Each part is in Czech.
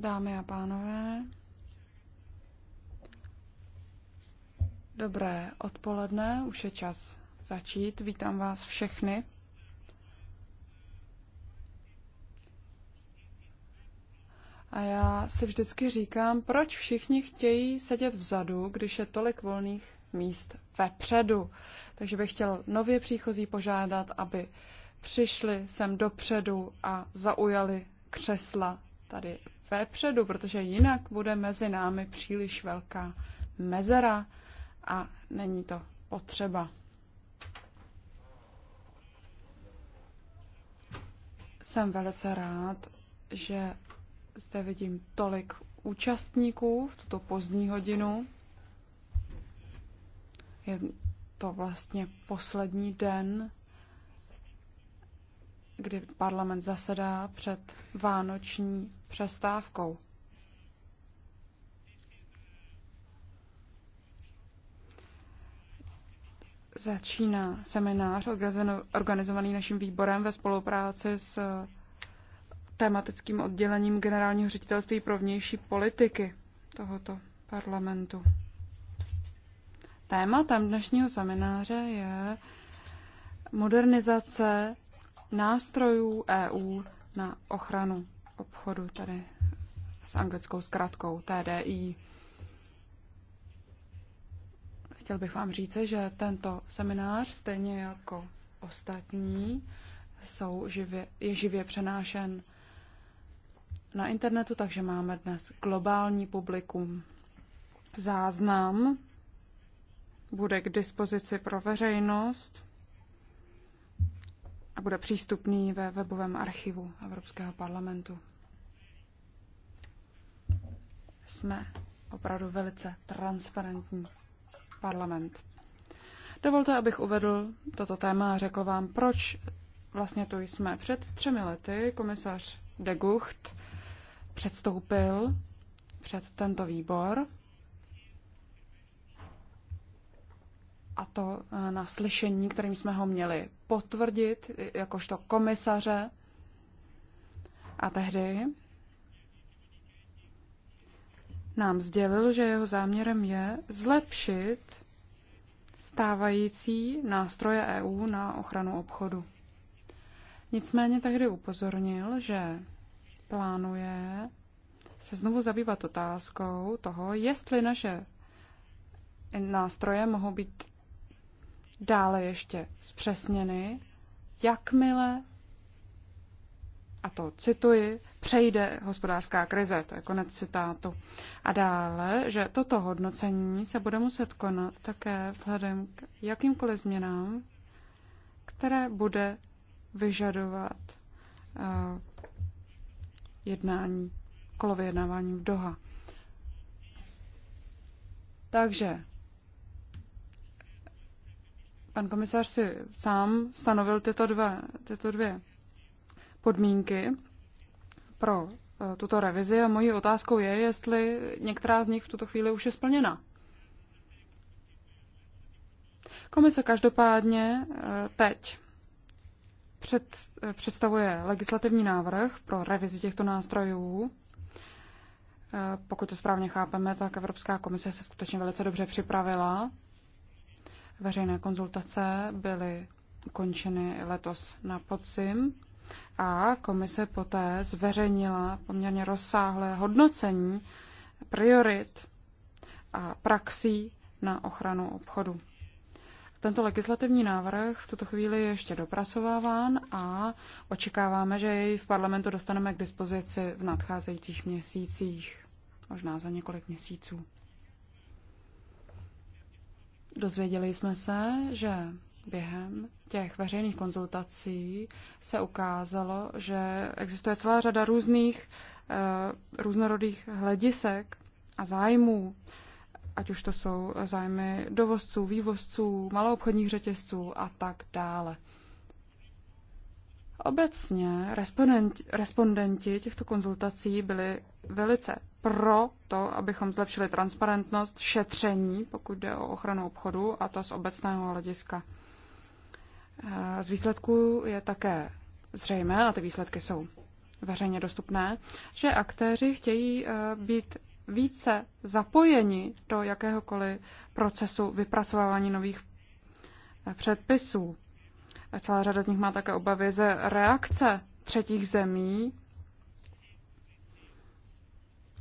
Dámy a pánové, dobré odpoledne, už je čas začít. Vítám vás všechny. A já si vždycky říkám, proč všichni chtějí sedět vzadu, když je tolik volných míst vepředu. Takže bych chtěl nově příchozí požádat, aby přišli sem dopředu a zaujali křesla tady vepředu, protože jinak bude mezi námi příliš velká mezera a není to potřeba. Jsem velice rád, že zde vidím tolik účastníků v tuto pozdní hodinu. Je to vlastně poslední den kdy parlament zasedá před vánoční přestávkou. Začíná seminář organizovaný naším výborem ve spolupráci s tematickým oddělením Generálního ředitelství pro vnější politiky tohoto parlamentu. Tématem dnešního semináře je modernizace nástrojů EU na ochranu obchodu, tady s anglickou zkratkou TDI. Chtěl bych vám říct, že tento seminář, stejně jako ostatní, jsou živě, je živě přenášen na internetu, takže máme dnes globální publikum. Záznam bude k dispozici pro veřejnost a bude přístupný ve webovém archivu Evropského parlamentu. Jsme opravdu velice transparentní parlament. Dovolte, abych uvedl toto téma a řekl vám, proč vlastně tu jsme. Před třemi lety komisař de Gucht předstoupil před tento výbor a to eh, na slyšení, kterým jsme ho měli potvrdit jakožto komisaře. A tehdy nám sdělil, že jeho záměrem je zlepšit stávající nástroje EU na ochranu obchodu. Nicméně tehdy upozornil, že plánuje se znovu zabývat otázkou toho, jestli naše nástroje mohou být dále ještě zpřesněny, jakmile, a to cituji, přejde hospodářská krize, to je konec citátu. A dále, že toto hodnocení se bude muset konat také vzhledem k jakýmkoliv změnám, které bude vyžadovat uh, jednání, kolo vyjednávání v Doha. Takže Pan komisař si sám stanovil tyto, dva, tyto dvě podmínky pro eh, tuto revizi a mojí otázkou je, jestli některá z nich v tuto chvíli už je splněna. Komise každopádně eh, teď před, eh, představuje legislativní návrh pro revizi těchto nástrojů. Pokud to správně chápeme, tak Evropská komise se skutečně velice dobře připravila Veřejné konzultace byly ukončeny letos na podzim a komise poté zveřejnila poměrně rozsáhlé hodnocení priorit a praxí na ochranu obchodu. Tento legislativní návrh v tuto chvíli je ještě dopracováván a očekáváme, že jej v parlamentu dostaneme k dispozici v nadcházejících měsících, možná za několik měsíců. Dozvěděli jsme se, že během těch veřejných konzultací se ukázalo, že existuje celá řada různých eh, různorodých hledisek a zájmů, ať už to jsou zájmy dovozců, vývozců, maloobchodních řetězců a tak dále. Obecně respondenti, těchto konzultací byli velice pro to, abychom zlepšili transparentnost šetření, pokud jde o ochranu obchodu, a to z obecného hlediska. Eh, z výsledků je také zřejmé, a ty výsledky jsou veřejně dostupné, že aktéři chtějí eh, být více zapojeni do jakéhokoliv procesu vypracovávání nových eh, předpisů. Celá řada z nich má také obavy ze reakce třetích zemí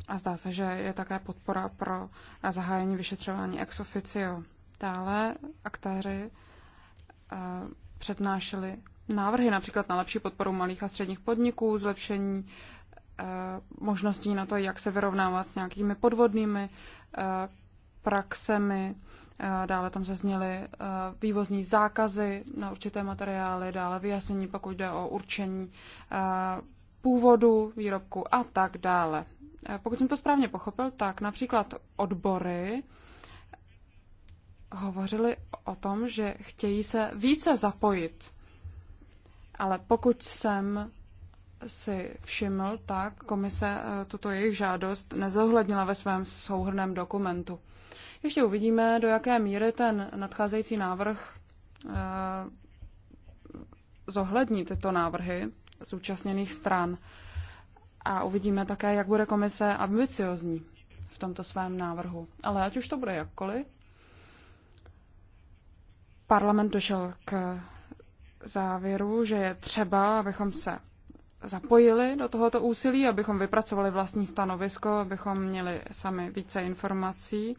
a zdá se, že je také podpora pro zahájení vyšetřování ex officio. Dále aktéři eh, přednášeli návrhy například na lepší podporu malých a středních podniků, zlepšení eh, možností na to, jak se vyrovnávat s nějakými podvodnými eh, praxemi. Dále tam zazněly vývozní zákazy na určité materiály, dále vyjasnění, pokud jde o určení původu výrobku a tak dále pokud jsem to správně pochopil, tak například odbory hovořili o tom, že chtějí se více zapojit. Ale pokud jsem si všiml, tak komise eh, tuto jejich žádost nezohlednila ve svém souhrném dokumentu. Ještě uvidíme, do jaké míry ten nadcházející návrh eh, zohlední tyto návrhy zúčastněných stran. A uvidíme také, jak bude komise ambiciozní v tomto svém návrhu. Ale ať už to bude jakkoliv, parlament došel k závěru, že je třeba, abychom se zapojili do tohoto úsilí, abychom vypracovali vlastní stanovisko, abychom měli sami více informací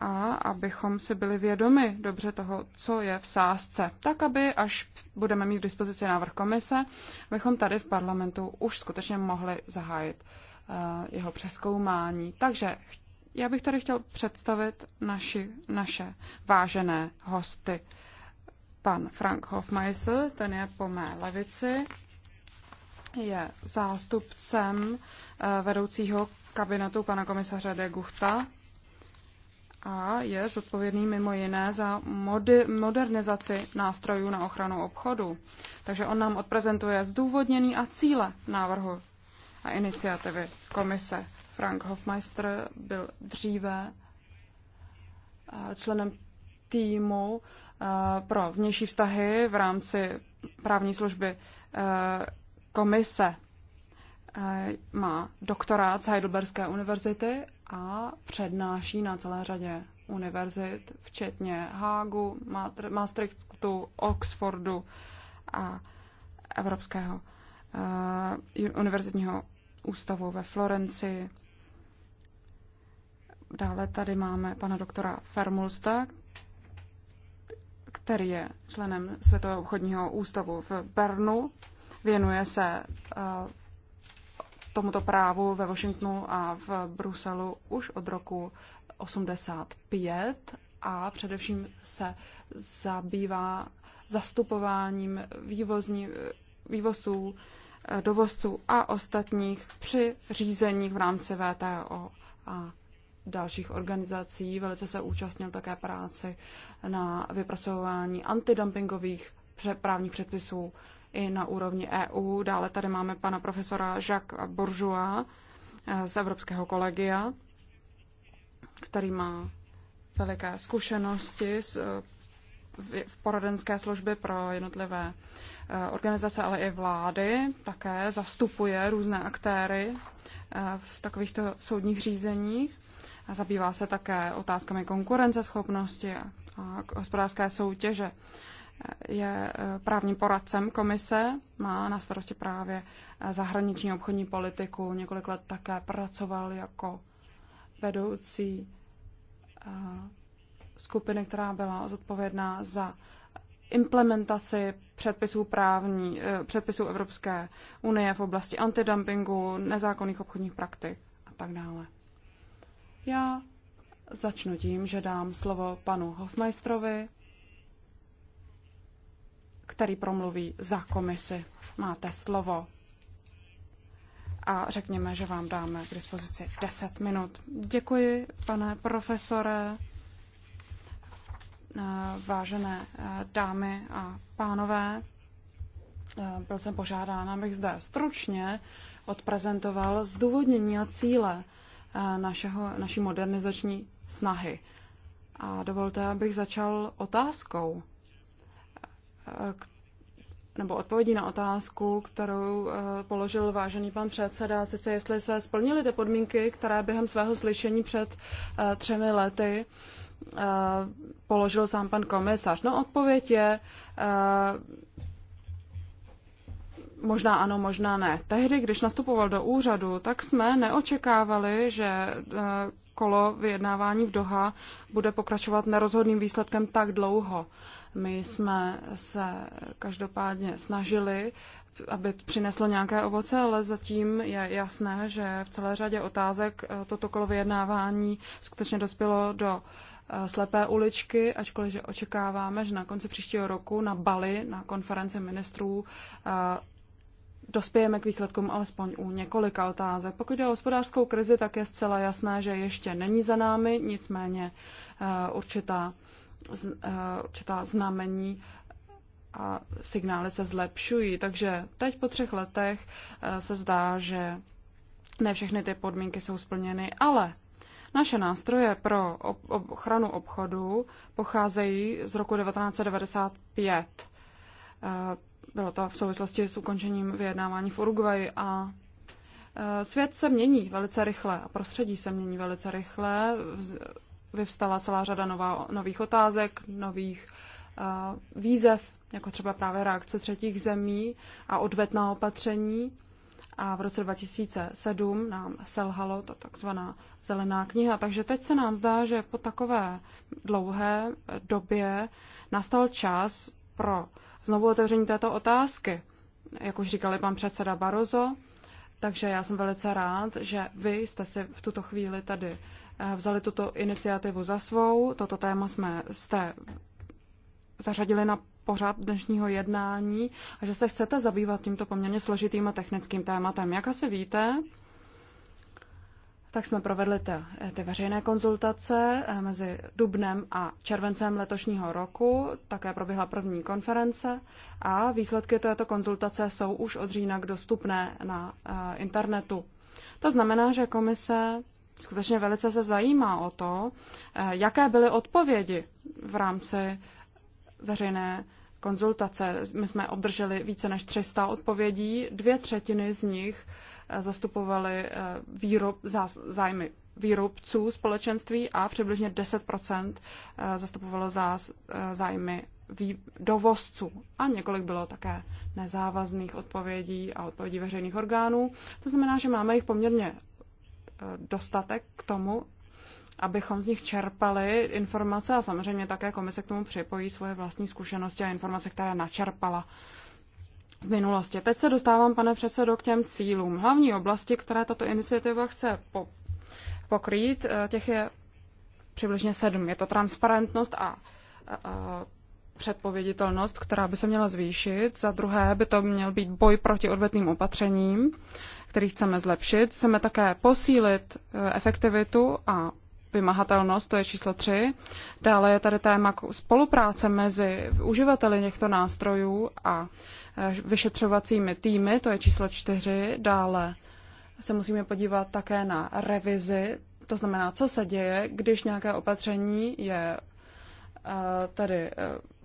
a abychom si byli vědomi dobře toho, co je v sázce, tak aby, až budeme mít k dispozici návrh komise, abychom tady v parlamentu už skutečně mohli zahájit uh, jeho přeskoumání. Takže já bych tady chtěl představit naši, naše vážené hosty. Pan Frank Hofmeisel, ten je po mé levici, je zástupcem eh, vedoucího kabinetu pana komisaře de Guchta a je zodpovědný mimo jiné za modernizaci nástrojů na ochranu obchodu. Takže on nám odprezentuje zdůvodnění a cíle návrhu a iniciativy komise. Frank Hofmeister byl dříve eh, členem týmu eh, pro vnější vztahy v rámci právní služby eh, komise. Má doktorát z Heidelberské univerzity a přednáší na celé řadě univerzit, včetně Hágu, Maastrichtu, Oxfordu a Evropského uh, univerzitního ústavu ve Florenci. Dále tady máme pana doktora Fermulsta, který je členem Světového obchodního ústavu v Bernu. Věnuje se uh, tomuto právu ve Washingtonu a v Bruselu už od roku 85 a především se zabývá zastupováním vývozní, vývozů, dovozců a ostatních při řízeních v rámci VTO a dalších organizací. Velice se účastnil také práci na vypracování antidumpingových právních předpisů i na úrovni EU. Dále tady máme pana profesora Jacques Bourgeois eh, z Evropského kolegia, který má veliké zkušenosti eh, v poradenské službě pro jednotlivé eh, organizace, ale i vlády. Také zastupuje různé aktéry v takovýchto soudních řízeních a zabývá se také otázkami konkurenceschopnosti a hospodářské soutěže je eh, právním poradcem komise, má na starosti právě eh, zahraniční obchodní politiku, několik let také pracoval jako vedoucí eh, skupiny, která byla zodpovědná za implementaci předpisů právní, předpisů Evropské unie v oblasti antidumpingu, nezákonných obchodních praktik a tak dále. Já začnu tím, že dám slovo panu Hofmeistrovi, který promluví za komisi. Máte slovo. A řekněme, že vám dáme k dispozici 10 minut. Děkuji, pane profesore, vážené eh, dámy a pánové. Eh, byl jsem požádán, abych zde stručně odprezentoval zdůvodnění a cíle eh, našeho, naší modernizační snahy. A dovolte, abych začal otázkou, nebo odpovědí na otázku, kterou eh, položil vážený pan předseda, sice jestli se splnily ty podmínky, které během svého slyšení před eh, třemi lety eh, položil sám pan komisař. No odpověď je možná ano, možná ne. Tehdy, když nastupoval do úřadu, tak jsme neočekávali, že kolo vyjednávání v Doha bude pokračovat nerozhodným výsledkem tak dlouho. My jsme se každopádně snažili, aby přineslo nějaké ovoce, ale zatím je jasné, že v celé řadě otázek eh, toto kolo vyjednávání skutečně dospělo do eh, slepé uličky, ačkoliv že očekáváme, že na konci příštího roku na Bali, na konferenci ministrů, eh, dospějeme k výsledkům alespoň u několika otázek. Pokud jde o hospodářskou krizi, tak je zcela jasné, že ještě není za námi, nicméně určitá Eh, určitá znamení a signály se zlepšují. Takže teď po třech letech eh, se zdá, že ne všechny ty podmínky jsou splněny, ale naše nástroje pro ochranu obchodu pocházejí z roku 1995. Eh, bylo to v souvislosti s ukončením vyjednávání v Uruguayi a svět se mění velice rychle a prostředí se mění velice rychle vyvstala celá řada nová, nových otázek, nových uh, výzev, jako třeba právě reakce třetích zemí a odvetná opatření. A v roce 2007 nám selhalo ta takzvaná zelená kniha. Takže teď se nám zdá, že po takové dlouhé době nastal čas pro znovu otevření této otázky. Jak už říkali pan předseda Barozo, takže já jsem velice rád, že vy jste si v tuto chvíli tady Eh, vzali tuto iniciativu za svou. Toto téma jsme jste zařadili na pořád dnešního jednání a že se chcete zabývat tímto poměrně složitým a technickým tématem. Jak asi víte, tak jsme provedli ty, eh, ty veřejné konzultace eh, mezi dubnem a červencem letošního roku. Také proběhla první konference a výsledky této konzultace jsou už od října dostupné na internetu. To znamená, že komise skutečně velice se zajímá o to, eh, jaké byly odpovědi v rámci veřejné konzultace. My jsme obdrželi více než 300 odpovědí, dvě třetiny z nich eh, zastupovaly eh, výrob, zájmy výrobců společenství a přibližně 10 zastupovalo zájmy dovozců. A několik bylo také nezávazných odpovědí a odpovědí veřejných orgánů. To znamená, že máme jich poměrně dostatek k tomu, abychom z nich čerpali informace a samozřejmě také komise k tomu připojí svoje vlastní zkušenosti a informace, které načerpala v minulosti. Teď se dostávám, pane předsedo, k těm cílům. Hlavní oblasti, které tato iniciativa chce po- pokrýt, eh, těch je přibližně sedm. Je to transparentnost a, a, a předpověditelnost, která by se měla zvýšit. Za druhé by to měl být boj proti odvetným opatřením, který chceme zlepšit. Chceme také posílit eh, efektivitu a vymahatelnost, to je číslo tři. Dále je tady téma spolupráce mezi uživateli těchto nástrojů a eh, vyšetřovacími týmy, to je číslo čtyři. Dále se musíme podívat také na revizi, to znamená, co se děje, když nějaké opatření je eh, tady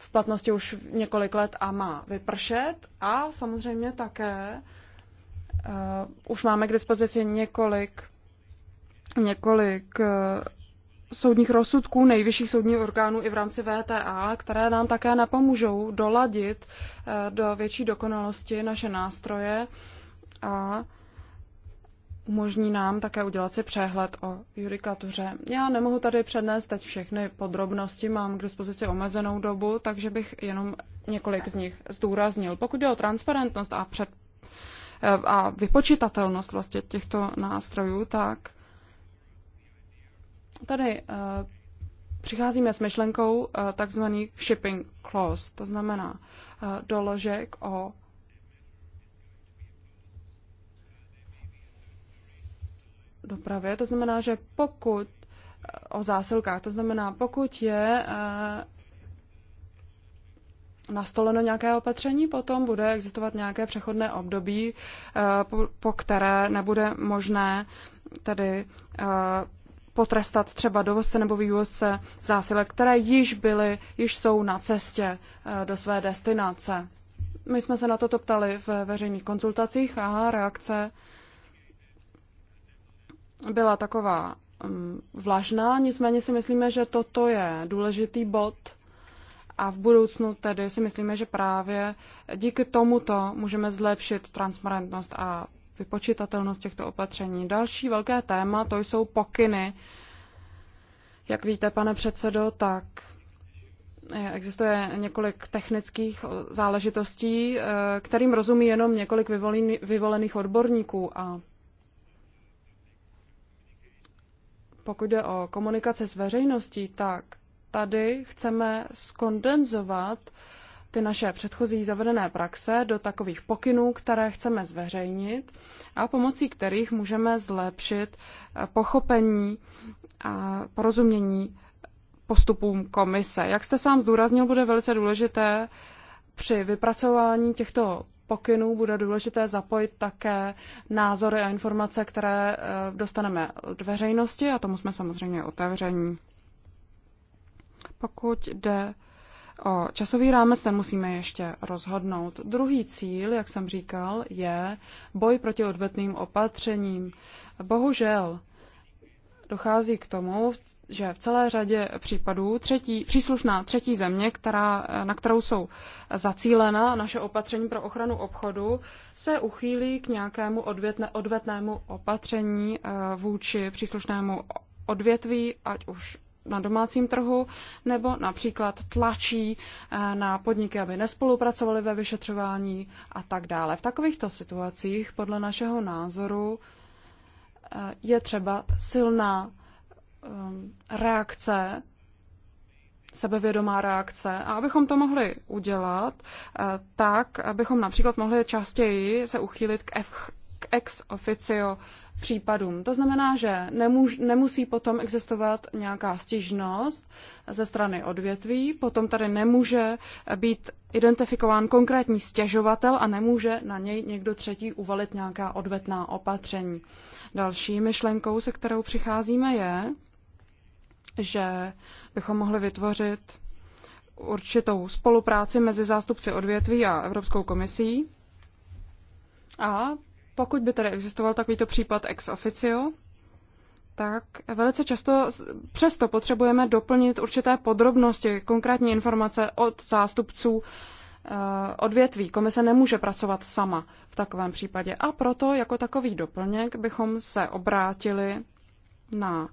v platnosti už několik let a má vypršet. A samozřejmě také uh, už máme k dispozici několik, několik uh, soudních rozsudků nejvyšších soudních orgánů i v rámci VTA, které nám také napomůžou doladit uh, do větší dokonalosti naše nástroje a uh, umožní nám také udělat si přehled o judikatuře. Já nemohu tady přednést teď všechny podrobnosti, mám k dispozici omezenou dobu, takže bych jenom několik z nich zdůraznil. Pokud jde o transparentnost a, před, eh, a vypočitatelnost vlastně těchto nástrojů, tak tady eh, přicházíme s myšlenkou eh, takzvaných shipping clause, to znamená doložek o dopravě. To znamená, že pokud o zásilkách, to znamená, pokud je eh, nastoleno nějaké opatření, potom bude existovat nějaké přechodné období, eh, po které nebude možné tedy eh, potrestat třeba dovozce nebo vývozce zásilek, které již byly, již jsou na cestě do své destinace. My jsme se na toto ptali v veřejných konzultacích a reakce byla taková mm, vlažná, nicméně si myslíme, že toto je důležitý bod a v budoucnu tedy si myslíme, že právě díky tomuto můžeme zlepšit transparentnost a vypočitatelnost těchto opatření. Další velké téma to jsou pokyny. Jak víte, pane předsedo, tak eh, existuje několik technických eh, záležitostí, eh, kterým rozumí jenom několik vyvolených odborníků a pokud jde o komunikaci s veřejností, tak tady chceme skondenzovat ty naše předchozí zavedené praxe do takových pokynů, které chceme zveřejnit a pomocí kterých můžeme zlepšit eh, pochopení a porozumění postupům komise. Jak jste sám zdůraznil, bude velice důležité při vypracování těchto pokynů bude důležité zapojit také názory a informace, které eh, dostaneme od veřejnosti a tomu jsme samozřejmě otevření. Pokud jde o časový rámec, ten musíme ještě rozhodnout. Druhý cíl, jak jsem říkal, je boj proti odvetným opatřením. Bohužel, dochází k tomu, že v celé řadě případů třetí, příslušná třetí země, která, na kterou jsou zacílena naše opatření pro ochranu obchodu, se uchýlí k nějakému odvětne, odvetnému opatření eh, vůči příslušnému odvětví, ať už na domácím trhu, nebo například tlačí eh, na podniky, aby nespolupracovali ve vyšetřování a tak dále. V takovýchto situacích podle našeho názoru Eh, je třeba silná ehm, reakce, sebevědomá reakce. A abychom to mohli udělat, eh, tak abychom například mohli častěji se uchýlit k k ex officio případům. To znamená, že nemůž, nemusí potom existovat nějaká stížnost ze strany odvětví, potom tady nemůže být identifikován konkrétní stěžovatel a nemůže na něj někdo třetí uvalit nějaká odvetná opatření. Další myšlenkou, se kterou přicházíme, je, že bychom mohli vytvořit určitou spolupráci mezi zástupci odvětví a Evropskou komisí a pokud by tedy existoval takovýto případ ex officio, tak velice často přesto potřebujeme doplnit určité podrobnosti, konkrétní informace od zástupců eh, odvětví. Komise nemůže pracovat sama v takovém případě. A proto jako takový doplněk bychom se obrátili na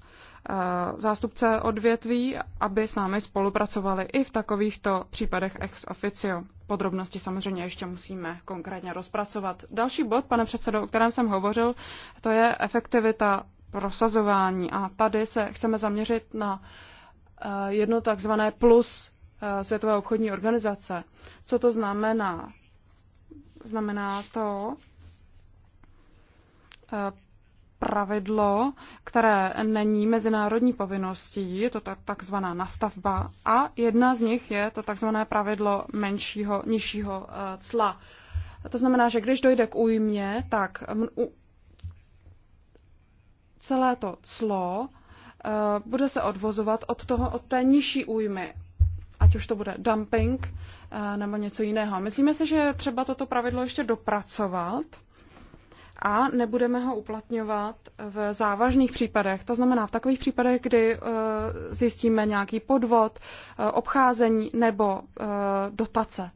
eh, zástupce odvětví, aby s námi spolupracovali i v takovýchto případech ex officio. Podrobnosti samozřejmě ještě musíme konkrétně rozpracovat. Další bod, pane předsedo, o kterém jsem hovořil, to je efektivita prosazování. A tady se chceme zaměřit na eh, jedno takzvané plus eh, Světové obchodní organizace. Co to znamená? Znamená to pravidlo, které není mezinárodní povinností, je to takzvaná nastavba, a jedna z nich je to takzvané pravidlo menšího, nižšího eh, cla. To znamená, že když dojde k újmě, tak celé to clo eh, bude se odvozovat od, toho, od té nižší újmy, ať už to bude dumping eh, nebo něco jiného. Myslíme si, že třeba toto pravidlo ještě dopracovat, a nebudeme ho uplatňovat v závažných případech. To znamená v takových případech, kdy eh, zjistíme nějaký podvod, eh, obcházení nebo eh, dotace.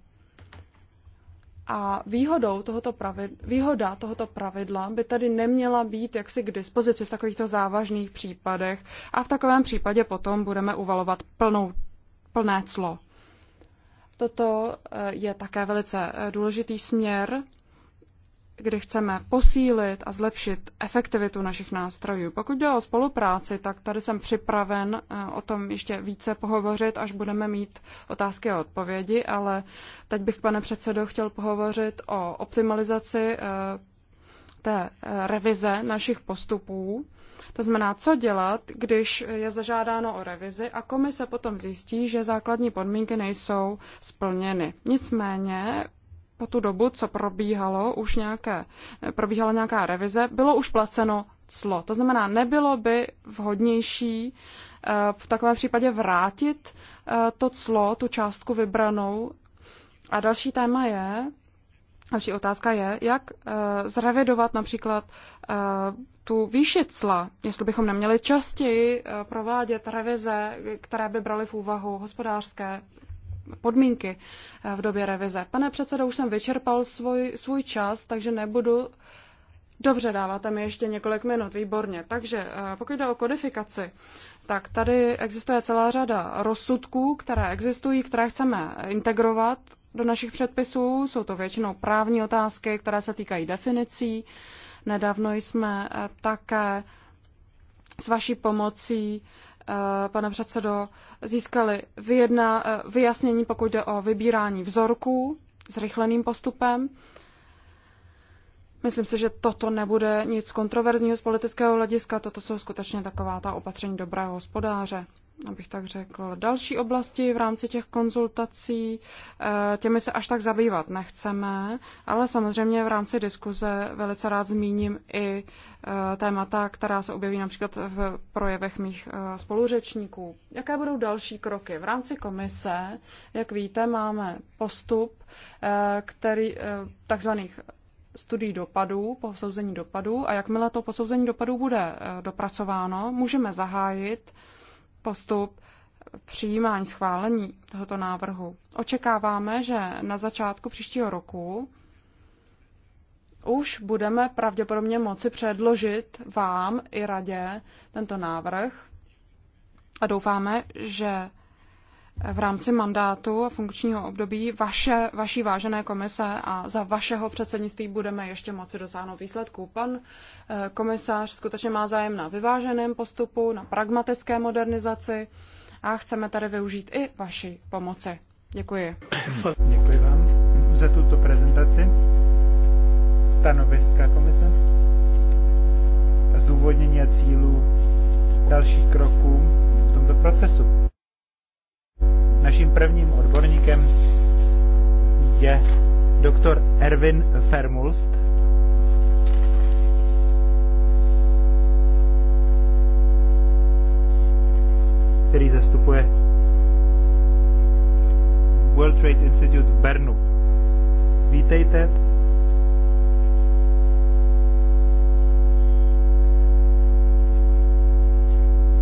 A výhodou tohoto pravidla, výhoda tohoto pravidla by tedy neměla být jaksi k dispozici v takovýchto závažných případech a v takovém případě potom budeme uvalovat plnou, plné clo. Toto je také velice důležitý směr kdy chceme posílit a zlepšit efektivitu našich nástrojů. Pokud jde o spolupráci, tak tady jsem připraven eh, o tom ještě více pohovořit, až budeme mít otázky a odpovědi, ale teď bych, pane předsedo, chtěl pohovořit o optimalizaci eh, té eh, revize našich postupů. To znamená, co dělat, když je zažádáno o revizi a komise potom zjistí, že základní podmínky nejsou splněny. Nicméně po tu dobu, co probíhalo už nějaké, probíhala nějaká revize, bylo už placeno clo. To znamená, nebylo by vhodnější eh, v takovém případě vrátit eh, to clo, tu částku vybranou. A další téma je, další otázka je, jak eh, zrevidovat například tu výši cla, jestli bychom neměli častěji provádět revize, které by braly v úvahu hospodářské podmínky eh, v době revize. Pane předsedo, už jsem vyčerpal svůj, svůj čas, takže nebudu. Dobře, dáváte mi ještě několik minut, výborně. Takže eh, pokud jde o kodifikaci, tak tady existuje celá řada rozsudků, které existují, které chceme integrovat do našich předpisů. Jsou to většinou právní otázky, které se týkají definicí. Nedávno jsme eh, také s vaší pomocí Eh, pane předsedo, získali vyjedna, eh, vyjasnění, pokud jde o vybírání vzorků zrychleným postupem. Myslím si, že toto nebude nic kontroverzního z politického hlediska, toto jsou skutečně taková ta opatření dobrého hospodáře abych tak řekl, další oblasti v rámci těch konzultací. Eh, těmi se až tak zabývat nechceme, ale samozřejmě v rámci diskuze velice rád zmíním i eh, témata, která se objeví například v projevech mých eh, spoluřečníků. Jaké budou další kroky? V rámci komise, jak víte, máme postup, který takzvaných studií dopadů, posouzení dopadů a jakmile to posouzení dopadů bude dopracováno, můžeme zahájit postup přijímání, schválení tohoto návrhu. Očekáváme, že na začátku příštího roku už budeme pravděpodobně moci předložit vám i radě tento návrh a doufáme, že v rámci mandátu a funkčního období vaše, vaší vážené komise a za vašeho předsednictví budeme ještě moci dosáhnout výsledků. Pan eh, komisář skutečně má zájem na vyváženém postupu, na pragmatické modernizaci a chceme tady využít i vaši pomoci. Děkuji. Děkuji vám za tuto prezentaci stanoviska komise a zdůvodnění a cílů dalších kroků v tomto procesu. Naším prvním odborníkem je doktor Erwin Fermulst. který zastupuje World Trade Institute v Bernu. Vítejte.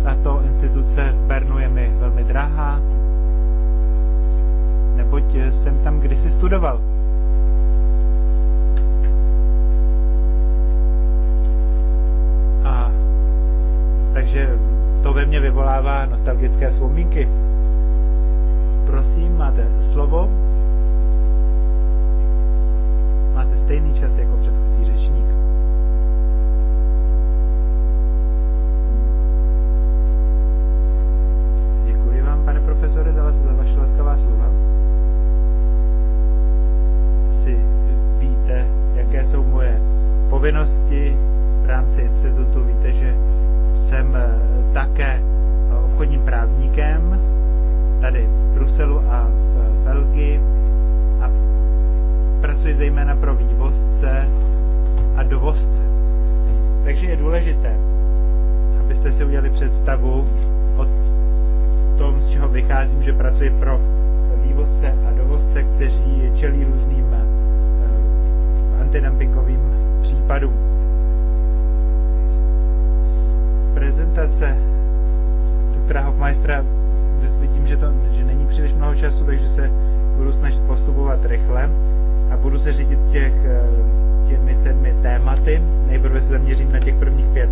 Tato instituce v Bernu je mi velmi drahá, neboť eh, jsem tam kdysi studoval. A takže to ve mně vyvolává nostalgické vzpomínky. Prosím, máte slovo. Máte stejný čas jako předchozí řečník. Děkuji vám, pane profesore, za, vaše laskavá slova. povinnosti v rámci institutu. Víte, že jsem eh, také eh, obchodním právníkem tady v Bruselu a eh, v Belgii a pracuji zejména pro vývozce a dovozce. Takže je důležité, abyste si udělali představu o tom, z čeho vycházím, že pracuji pro vývozce a dovozce, kteří čelí různým antidumpingovým případů. Z prezentace doktora Hofmeistera vidím, že, to, že není příliš mnoho času, takže se budu snažit postupovat rychle a budu se řídit těch, eh, těmi sedmi tématy. Nejprve se zaměřím na těch prvních pět.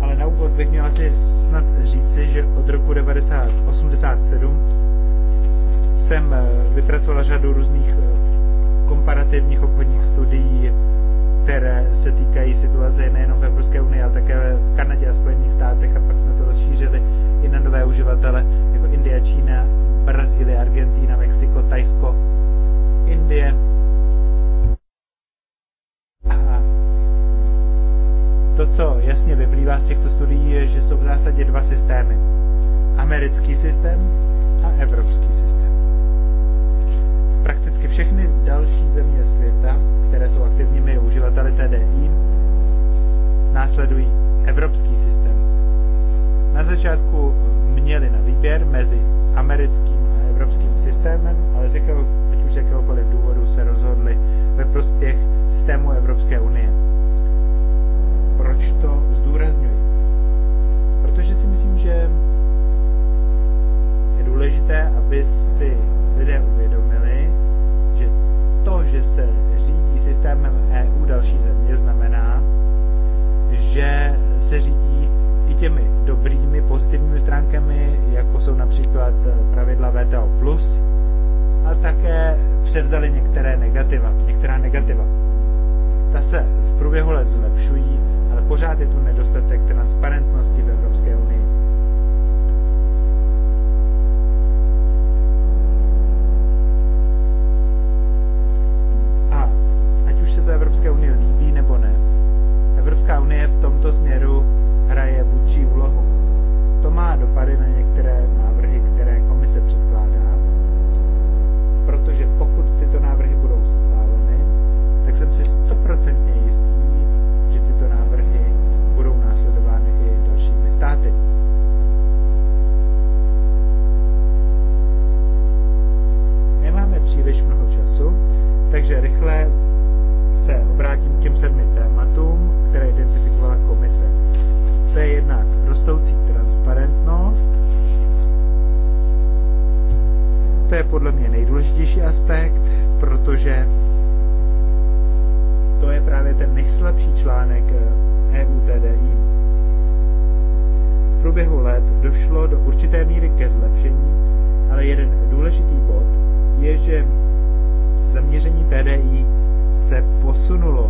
Ale na úvod bych měl asi snad říci, že od roku 1987 jsem eh, vypracovala řadu různých eh, komparativních obchodních studií, které se týkají situace nejenom v Evropské unii, ale také v Kanadě a Spojených státech a pak jsme to rozšířili i na nové uživatele jako Indie, Čína, Brazílie, Argentína, Mexiko, Tajsko, Indie. A to, co jasně vyplývá z těchto studií, je, že jsou v zásadě dva systémy. Americký systém a evropský systém prakticky všechny další země světa, které jsou aktivními uživateli TDI, následují evropský systém. Na začátku měli na výběr mezi americkým a evropským systémem, ale z jakého, ať už z jakéhokoliv důvodu se rozhodli ve prospěch systému Evropské unie. Proč to zdůrazňuji? Protože si myslím, že je důležité, aby si lidé uvědomili, to, že se řídí systémem EU další země, znamená, že se řídí i těmi dobrými, pozitivními stránkami, jako jsou například eh, pravidla VTO+, a také převzali některé negativa, některá negativa. Ta se v průběhu let zlepšují, ale pořád je tu nedostatek transparentnosti v Evropské unii. Evropské unie líbí nebo ne. Evropská unie v tomto směru hraje vůči úlohu. To má dopady na některé návrhy, které komise předkládá, protože pokud tyto návrhy budou schváleny, tak jsem si stoprocentně jistý, že tyto návrhy budou následovány i dalšími státy. Nemáme příliš mnoho času, takže rychle se obrátím k těm sedmi tématům, které identifikovala komise. To je jednak rostoucí transparentnost, to je podle mě nejdůležitější aspekt, protože to je právě ten nejslabší článek EUTDI. Eh, e v průběhu let došlo do určité míry ke zlepšení, ale jeden důležitý bod je, že zaměření TDI se posunulo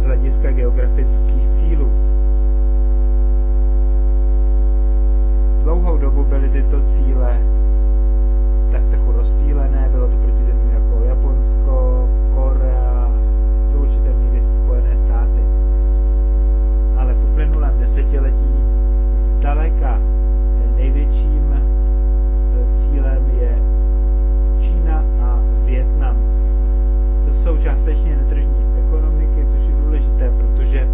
z hlediska geografických cílů. Dlouhou dobu byly tyto cíle tak trochu rozpílené, bylo to proti zemím jako Japonsko, Korea, do určité míry Spojené státy. Ale v uplynulém desetiletí zdaleka největším cílem je Čína a Větnam jsou částečně netržní ekonomiky, což je důležité, protože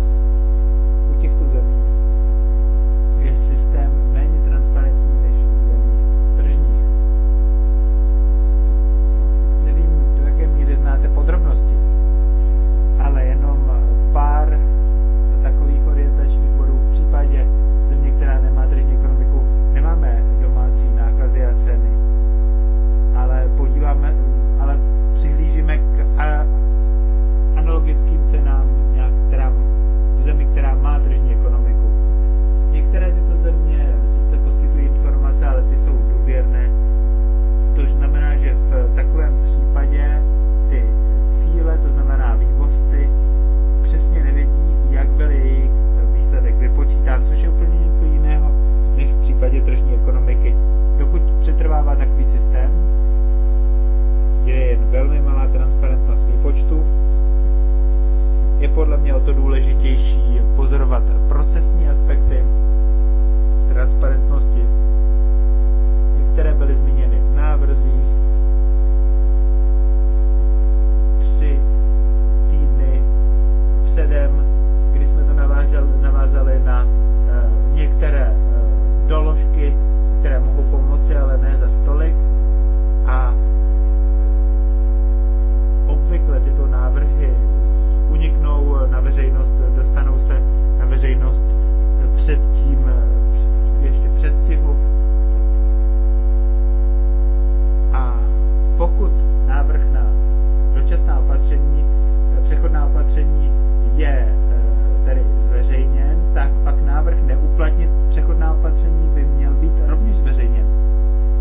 opatření je eh, tedy zveřejněn, tak pak návrh neuplatnit přechodná opatření by měl být rovněž zveřejněn.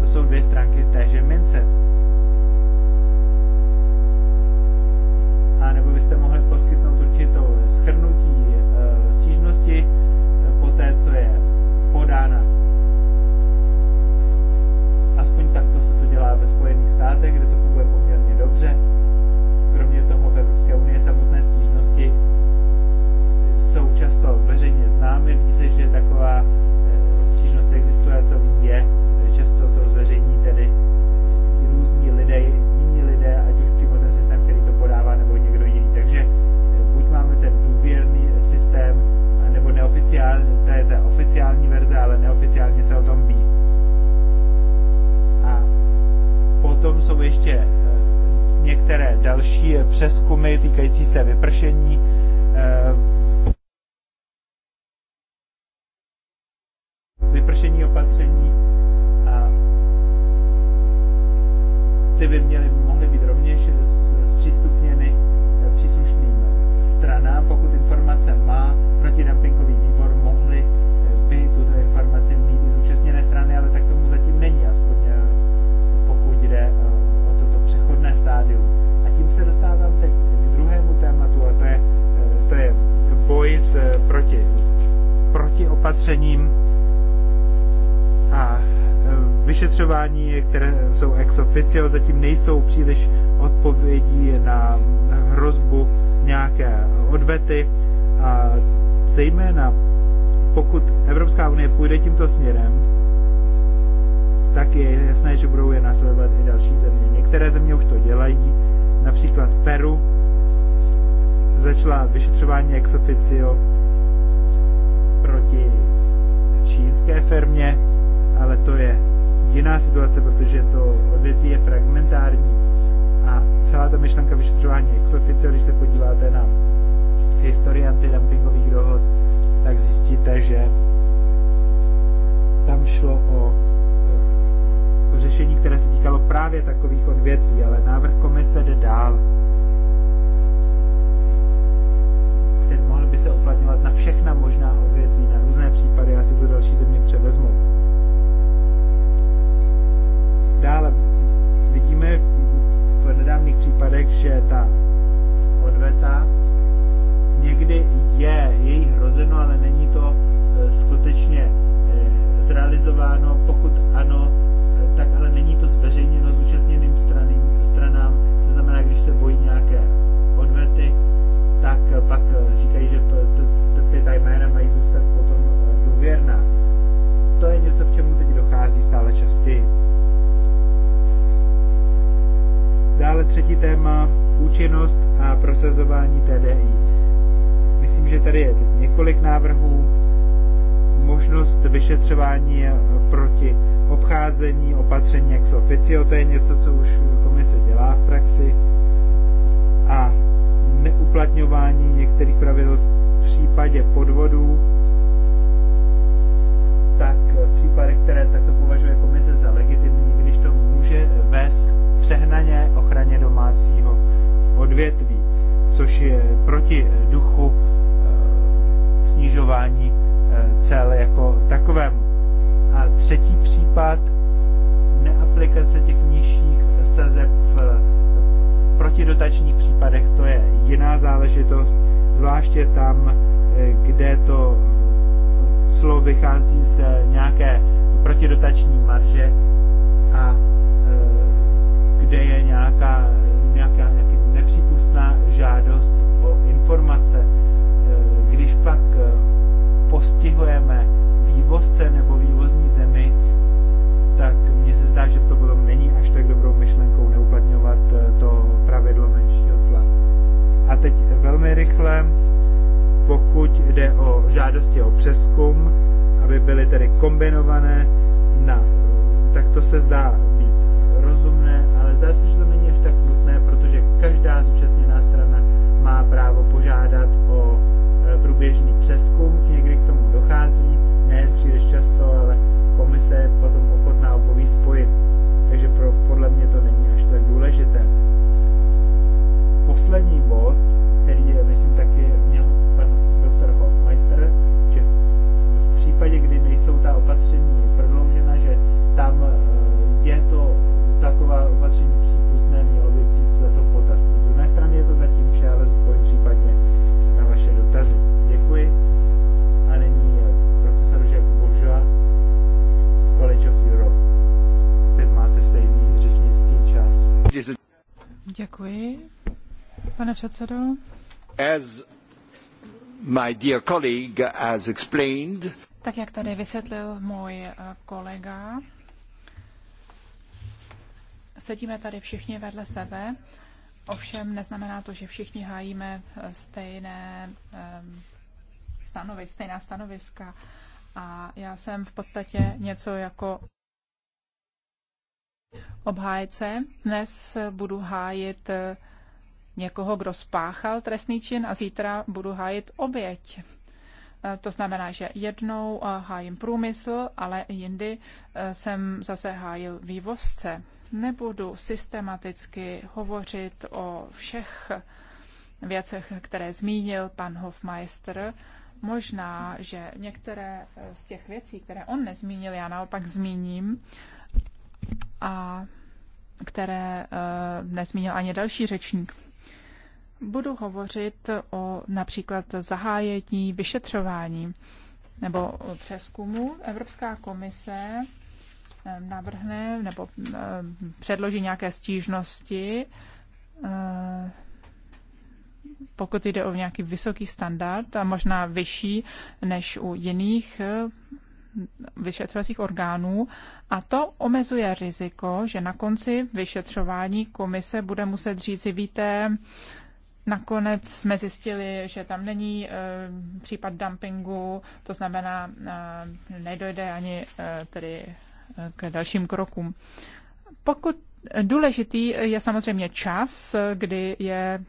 To jsou dvě stránky téže mince. A nebo byste mohli poskytnout určitou schrnutí eh, stížnosti eh, po té, co je podána. Aspoň takto se to dělá ve Spojených státech, kde to funguje poměrně dobře. Kromě toho Evropské unie. Samotné stížnosti jsou často veřejně známy, ví se, že taková eh, stížnost existuje co ví je, přeskumy týkající se vypršení eh, které jsou ex officio, zatím nejsou příliš odpovědí na hrozbu nějaké odvety. A zejména pokud Evropská unie půjde tímto směrem, tak je jasné, že budou je následovat i další země. Některé země už to dělají, například Peru začala vyšetřování ex officio proti čínské firmě, ale to je jiná situace, protože to odvětví je fragmentární a celá ta myšlenka vyšetřování exofice, když se podíváte na historii antidumpingových dohod, tak zjistíte, že tam šlo o, eh, o řešení, které se týkalo právě takových odvětví, ale návrh komise jde dál. Ten mohl by se uplatňovat na všechna možná odvětví, na různé případy, asi to další země převezmou dále. Vidíme v nedávných případech, že ta odveta někdy je její hrozeno, ale není to e, skutečně e, zrealizováno. Pokud ano, e, tak ale není to zveřejněno zúčastněným straným, stranám. To znamená, když se bojí nějaké odvety, tak pak říkají, že ty ta jména mají zůstat potom důvěrná. To je něco, k čemu teď dochází stále častěji. Dále třetí téma, účinnost a prosazování TDI. Myslím, že tady je několik návrhů, možnost vyšetřování proti obcházení opatření jak oficio, to je něco, co už komise dělá v praxi, a neuplatňování některých pravidel v případě podvodů, tak v případech, které takto považuje komise za legitimní, když to může vést k přehnaně ochraně domácího odvětví, což je proti duchu eh, snižování eh, cel jako takovému. A třetí případ neaplikace těch nižších sazeb v protidotačních případech, to je jiná záležitost, zvláště tam, eh, kde to slovo vychází z nějaké protidotační marže a kde je nějaká, nějaká nějaký nepřípustná žádost o informace. E, když pak e, postihujeme vývozce nebo vývozní zemi, tak mně se zdá, že to bylo není až tak dobrou myšlenkou neuplatňovat e, to pravidlo menšího tla. A teď velmi rychle, pokud jde o žádosti o přeskum, aby byly tedy kombinované na tak to se zdá každá zúčastněná strana má právo požádat o e, průběžný přeskum, někdy k tomu dochází, ne příliš často, ale komise je potom ochotná obojí spojit. Takže pro, podle mě to není až tak důležité. Poslední bod, který je, myslím, taky měl pan doktor Hofmeister, že v případě, kdy nejsou ta opatření prodloužena, že tam e, je to taková opatření přípustné, mělo Děkuji, pane předsedo. As my dear colleague explained, tak jak tady vysvětlil můj eh, kolega, sedíme tady všichni vedle sebe, ovšem neznamená to, že všichni hájíme eh, stejné ehm, stejná stanoviska. A já jsem v podstatě něco jako obhájce. Dnes budu hájit eh, někoho, kdo spáchal trestný čin a zítra budu hájit oběť. Eh, to znamená, že jednou eh, hájím průmysl, ale jindy jsem zase hájil vývozce. Nebudu systematicky hovořit o všech věcech, které zmínil pan Hofmeister. Možná, že některé z těch věcí, které on nezmínil, já naopak zmíním a které eh, nezmínil ani další řečník. Budu hovořit o například zahájení vyšetřování nebo přeskumu. Evropská komise eh, navrhne nebo eh, předloží nějaké stížnosti, pokud jde o nějaký vysoký standard a možná vyšší než u jiných vyšetřovacích orgánů a to omezuje riziko, že na konci vyšetřování komise bude muset říci, víte, Nakonec jsme zjistili, že tam není e, případ dumpingu, to znamená, e, nedojde ani e, tedy k dalším krokům. Pokud důležitý je samozřejmě čas, kdy je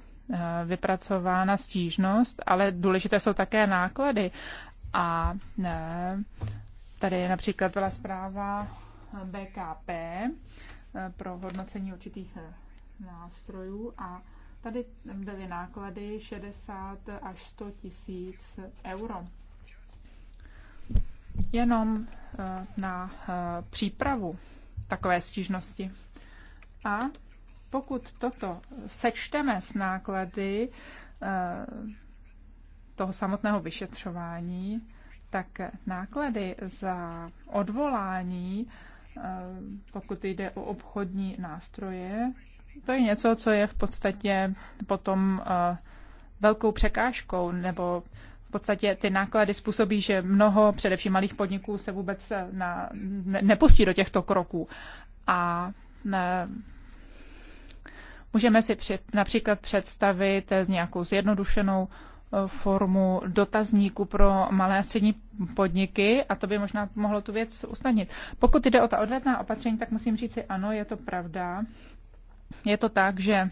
vypracována stížnost, ale důležité jsou také náklady. A ne, Tady například byla zpráva BKP eh, pro hodnocení určitých eh, nástrojů a tady byly náklady 60 až 100 tisíc euro. Jenom eh, na přípravu takové stížnosti. A pokud toto sečteme s náklady toho samotného vyšetřování, tak náklady za odvolání, eh, pokud jde o obchodní nástroje, to je něco, co je v podstatě potom eh, velkou překážkou nebo v podstatě ty náklady způsobí, že mnoho především malých podniků se vůbec eh, na, ne, nepustí do těchto kroků. A ne, můžeme si při, například představit s nějakou zjednodušenou formu dotazníku pro malé a střední podniky a to by možná mohlo tu věc usnadnit. Pokud jde o ta odvetná opatření, tak musím říct si ano, je to pravda. Je to tak, že eh,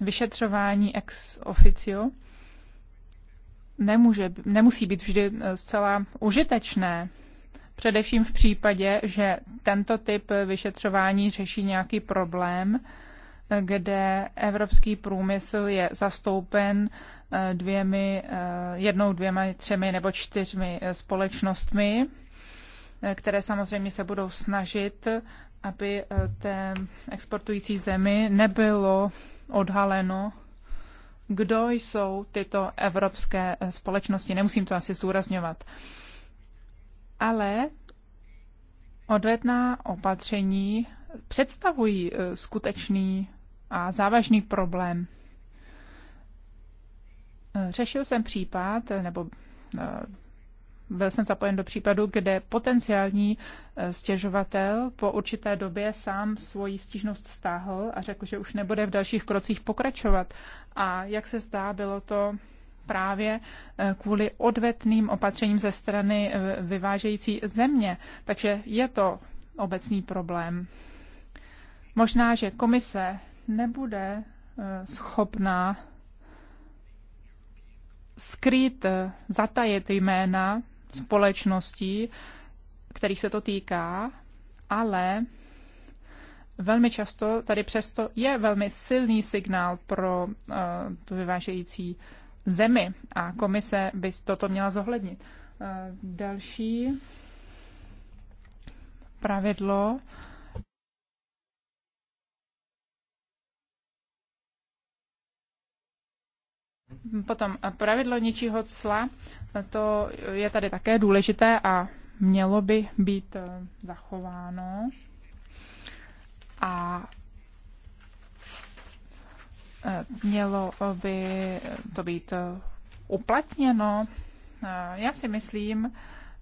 vyšetřování ex officio nemůže, nemusí být vždy eh, zcela užitečné. Především v případě, že tento typ vyšetřování řeší nějaký problém, kde evropský průmysl je zastoupen eh, dvěmi, eh, jednou, dvěma, třemi nebo čtyřmi eh, společnostmi, které samozřejmě se budou snažit, aby té exportující zemi nebylo odhaleno, kdo jsou tyto evropské společnosti. Nemusím to asi zdůrazňovat. Ale odvetná opatření představují skutečný a závažný problém. Eh, řešil jsem případ, eh, nebo eh, byl jsem zapojen do případu, kde potenciální stěžovatel po určité době sám svoji stížnost stáhl a řekl, že už nebude v dalších krocích pokračovat. A jak se zdá, bylo to právě kvůli odvetným opatřením ze strany vyvážející země. Takže je to obecný problém. Možná, že komise nebude eh, schopná skrýt, eh, zatajet jména společností, kterých se to týká, ale velmi často tady přesto je velmi silný signál pro uh, tu vyvážející zemi a komise by toto měla zohlednit. Uh, další pravidlo Potom pravidlo ničího cla, to je tady také důležité a mělo by být eh, zachováno. A eh, mělo by to být eh, uplatněno. Já si myslím,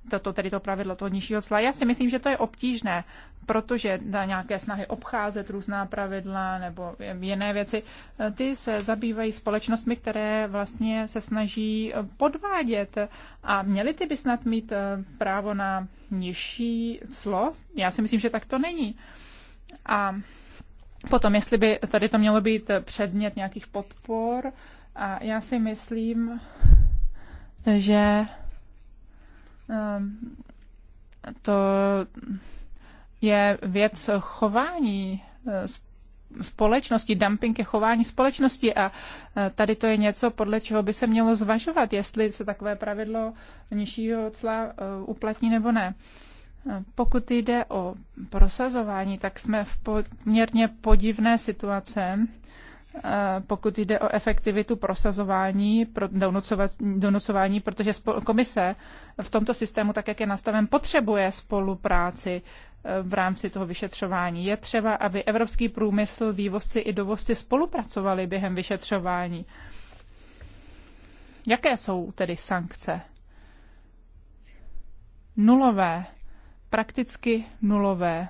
toto tedy to pravidlo toho nižšího cla. Já si myslím, že to je obtížné, protože na nějaké snahy obcházet různá pravidla nebo jiné věci, ty se zabývají společnostmi, které vlastně se snaží podvádět a měly ty by snad mít eh, právo na nižší clo? Já si myslím, že tak to není. A potom, jestli by tady to mělo být předmět nějakých podpor, a já si myslím, že Ehm, to je věc chování eh, společnosti, dumping je chování společnosti a eh, tady to je něco, podle čeho by se mělo zvažovat, jestli se takové pravidlo nižšího cla eh, uplatní nebo ne. Pokud jde o prosazování, tak jsme v poměrně podivné situace, Eh, pokud jde o efektivitu prosazování, pro donocování, protože komise v tomto systému, tak jak je nastaven, potřebuje spolupráci eh, v rámci toho vyšetřování. Je třeba, aby evropský průmysl, vývozci i dovozci spolupracovali během vyšetřování. Jaké jsou tedy sankce? Nulové, prakticky nulové.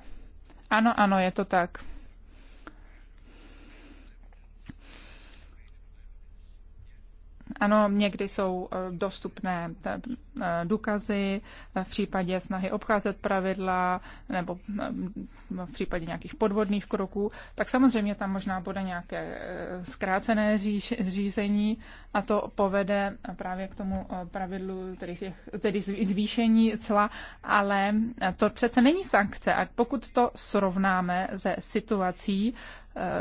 Ano, ano, je to tak. Ano, někdy jsou eh, dostupné eh, důkazy eh, v případě snahy obcházet pravidla nebo v případě nějakých podvodných kroků, tak samozřejmě tam možná bude nějaké zkrácené řízení a to povede právě k tomu pravidlu, tedy, zvýšení cla, ale to přece není sankce. A pokud to srovnáme se situací,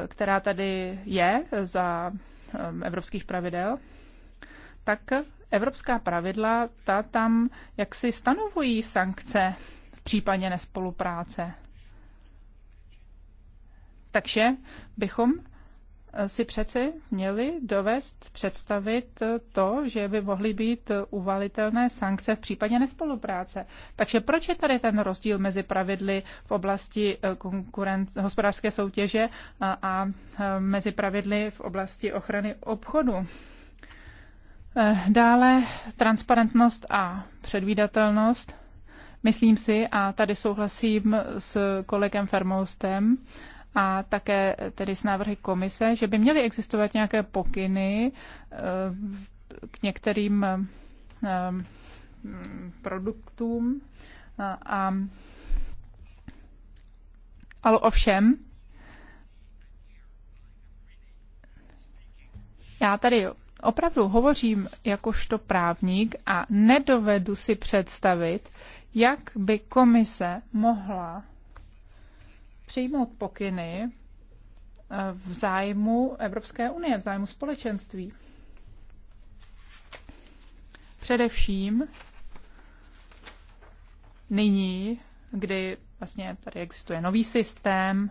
která tady je za evropských pravidel, tak evropská pravidla ta tam jaksi stanovují sankce v případě nespolupráce. Takže bychom eh, si přeci měli dovést představit eh, to, že by mohly být eh, uvalitelné sankce v případě nespolupráce. Takže proč je tady ten rozdíl mezi pravidly v oblasti konkurenc- hospodářské soutěže a, a mezi pravidly v oblasti ochrany obchodu? Eh, dále transparentnost a předvídatelnost. Myslím si, a tady souhlasím s kolegem Fermoustem a také tedy s návrhy komise, že by měly existovat nějaké pokyny eh, k některým eh, produktům a ale ovšem, já tady opravdu hovořím jakožto právník a nedovedu si představit, jak by komise mohla přijmout pokyny eh, v zájmu Evropské unie, v zájmu společenství. Především nyní, kdy vlastně tady existuje nový systém,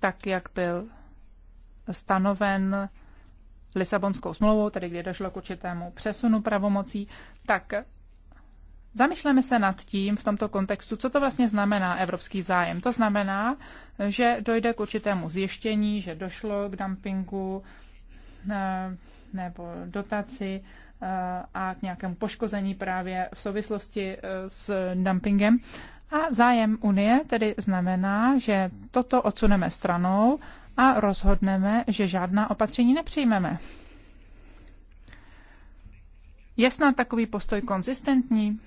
tak jak byl stanoven Lisabonskou smlouvou, tedy kdy došlo k určitému přesunu pravomocí, tak zamýšleme se nad tím v tomto kontextu, co to vlastně znamená evropský zájem. To znamená, že dojde k určitému zjištění, že došlo k dumpingu eh, nebo dotaci eh, a k nějakému poškození právě v souvislosti eh, s dumpingem. A zájem Unie tedy znamená, že toto odsuneme stranou a rozhodneme, že žádná opatření nepřijmeme. Je snad takový postoj konzistentní?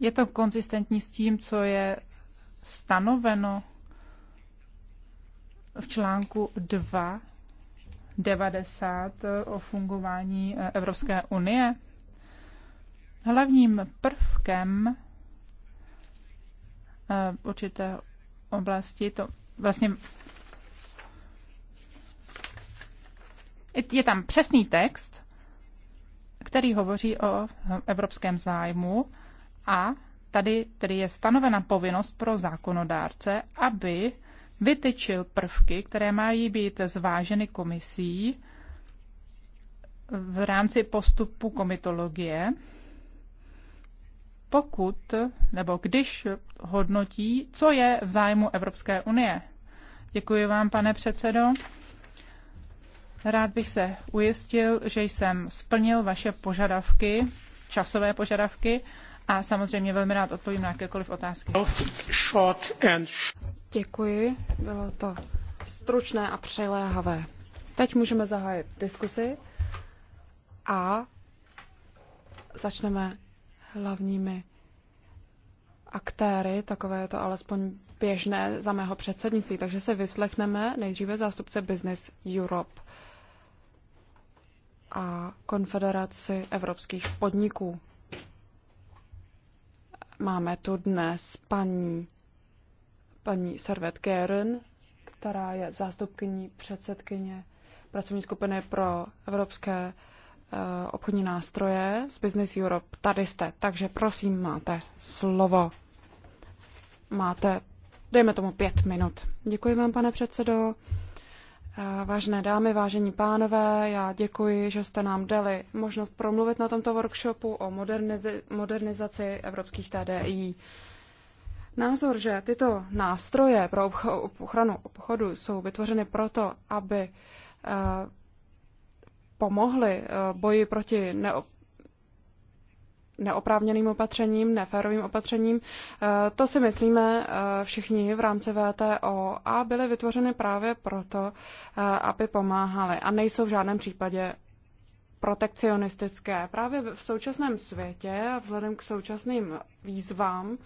Je to konzistentní s tím, co je stanoveno v článku 2 90 o fungování Evropské unie? Hlavním prvkem eh, určité oblasti to vlastně je tam přesný text, který hovoří o evropském zájmu a tady tedy je stanovena povinnost pro zákonodárce, aby vytyčil prvky, které mají být zváženy komisí v rámci postupu komitologie pokud nebo když hodnotí, co je v zájmu Evropské unie. Děkuji vám, pane předsedo. Rád bych se ujistil, že jsem splnil vaše požadavky, časové požadavky a samozřejmě velmi rád odpovím na jakékoliv otázky. Děkuji, bylo to stručné a přeléhavé. Teď můžeme zahájit diskusi a začneme hlavními aktéry, takové je to alespoň běžné za mého předsednictví, takže se vyslechneme nejdříve zástupce Business Europe a Konfederaci evropských podniků. Máme tu dnes paní, paní Servet Keren, která je zástupkyní předsedkyně pracovní skupiny pro evropské Eh, obchodní nástroje z Business Europe. Tady jste, takže prosím, máte slovo. Máte, dejme tomu, pět minut. Děkuji vám, pane předsedo. Eh, Vážené dámy, vážení pánové, já děkuji, že jste nám dali možnost promluvit na tomto workshopu o moderniz- modernizaci evropských TDI. Názor, že tyto nástroje pro ochranu obchodu jsou vytvořeny proto, aby eh, pomohly eh, boji proti neop neoprávněným opatřením, neférovým opatřením. Eh, to si myslíme eh, všichni v rámci VTO a byly vytvořeny právě proto, aby pomáhaly a nejsou v žádném případě protekcionistické. Právě v současném světě a vzhledem k současným výzvám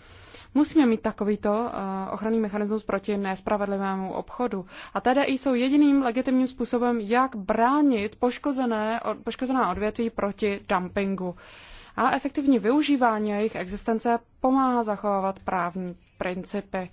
musíme mít takovýto eh, ochranný mechanismus proti nespravedlivému obchodu. A tedy jsou jediným legitimním způsobem, jak bránit poškozené, poškozená odvětví proti dumpingu. A efektivní využívání jejich existence pomáhá zachovávat právní principy.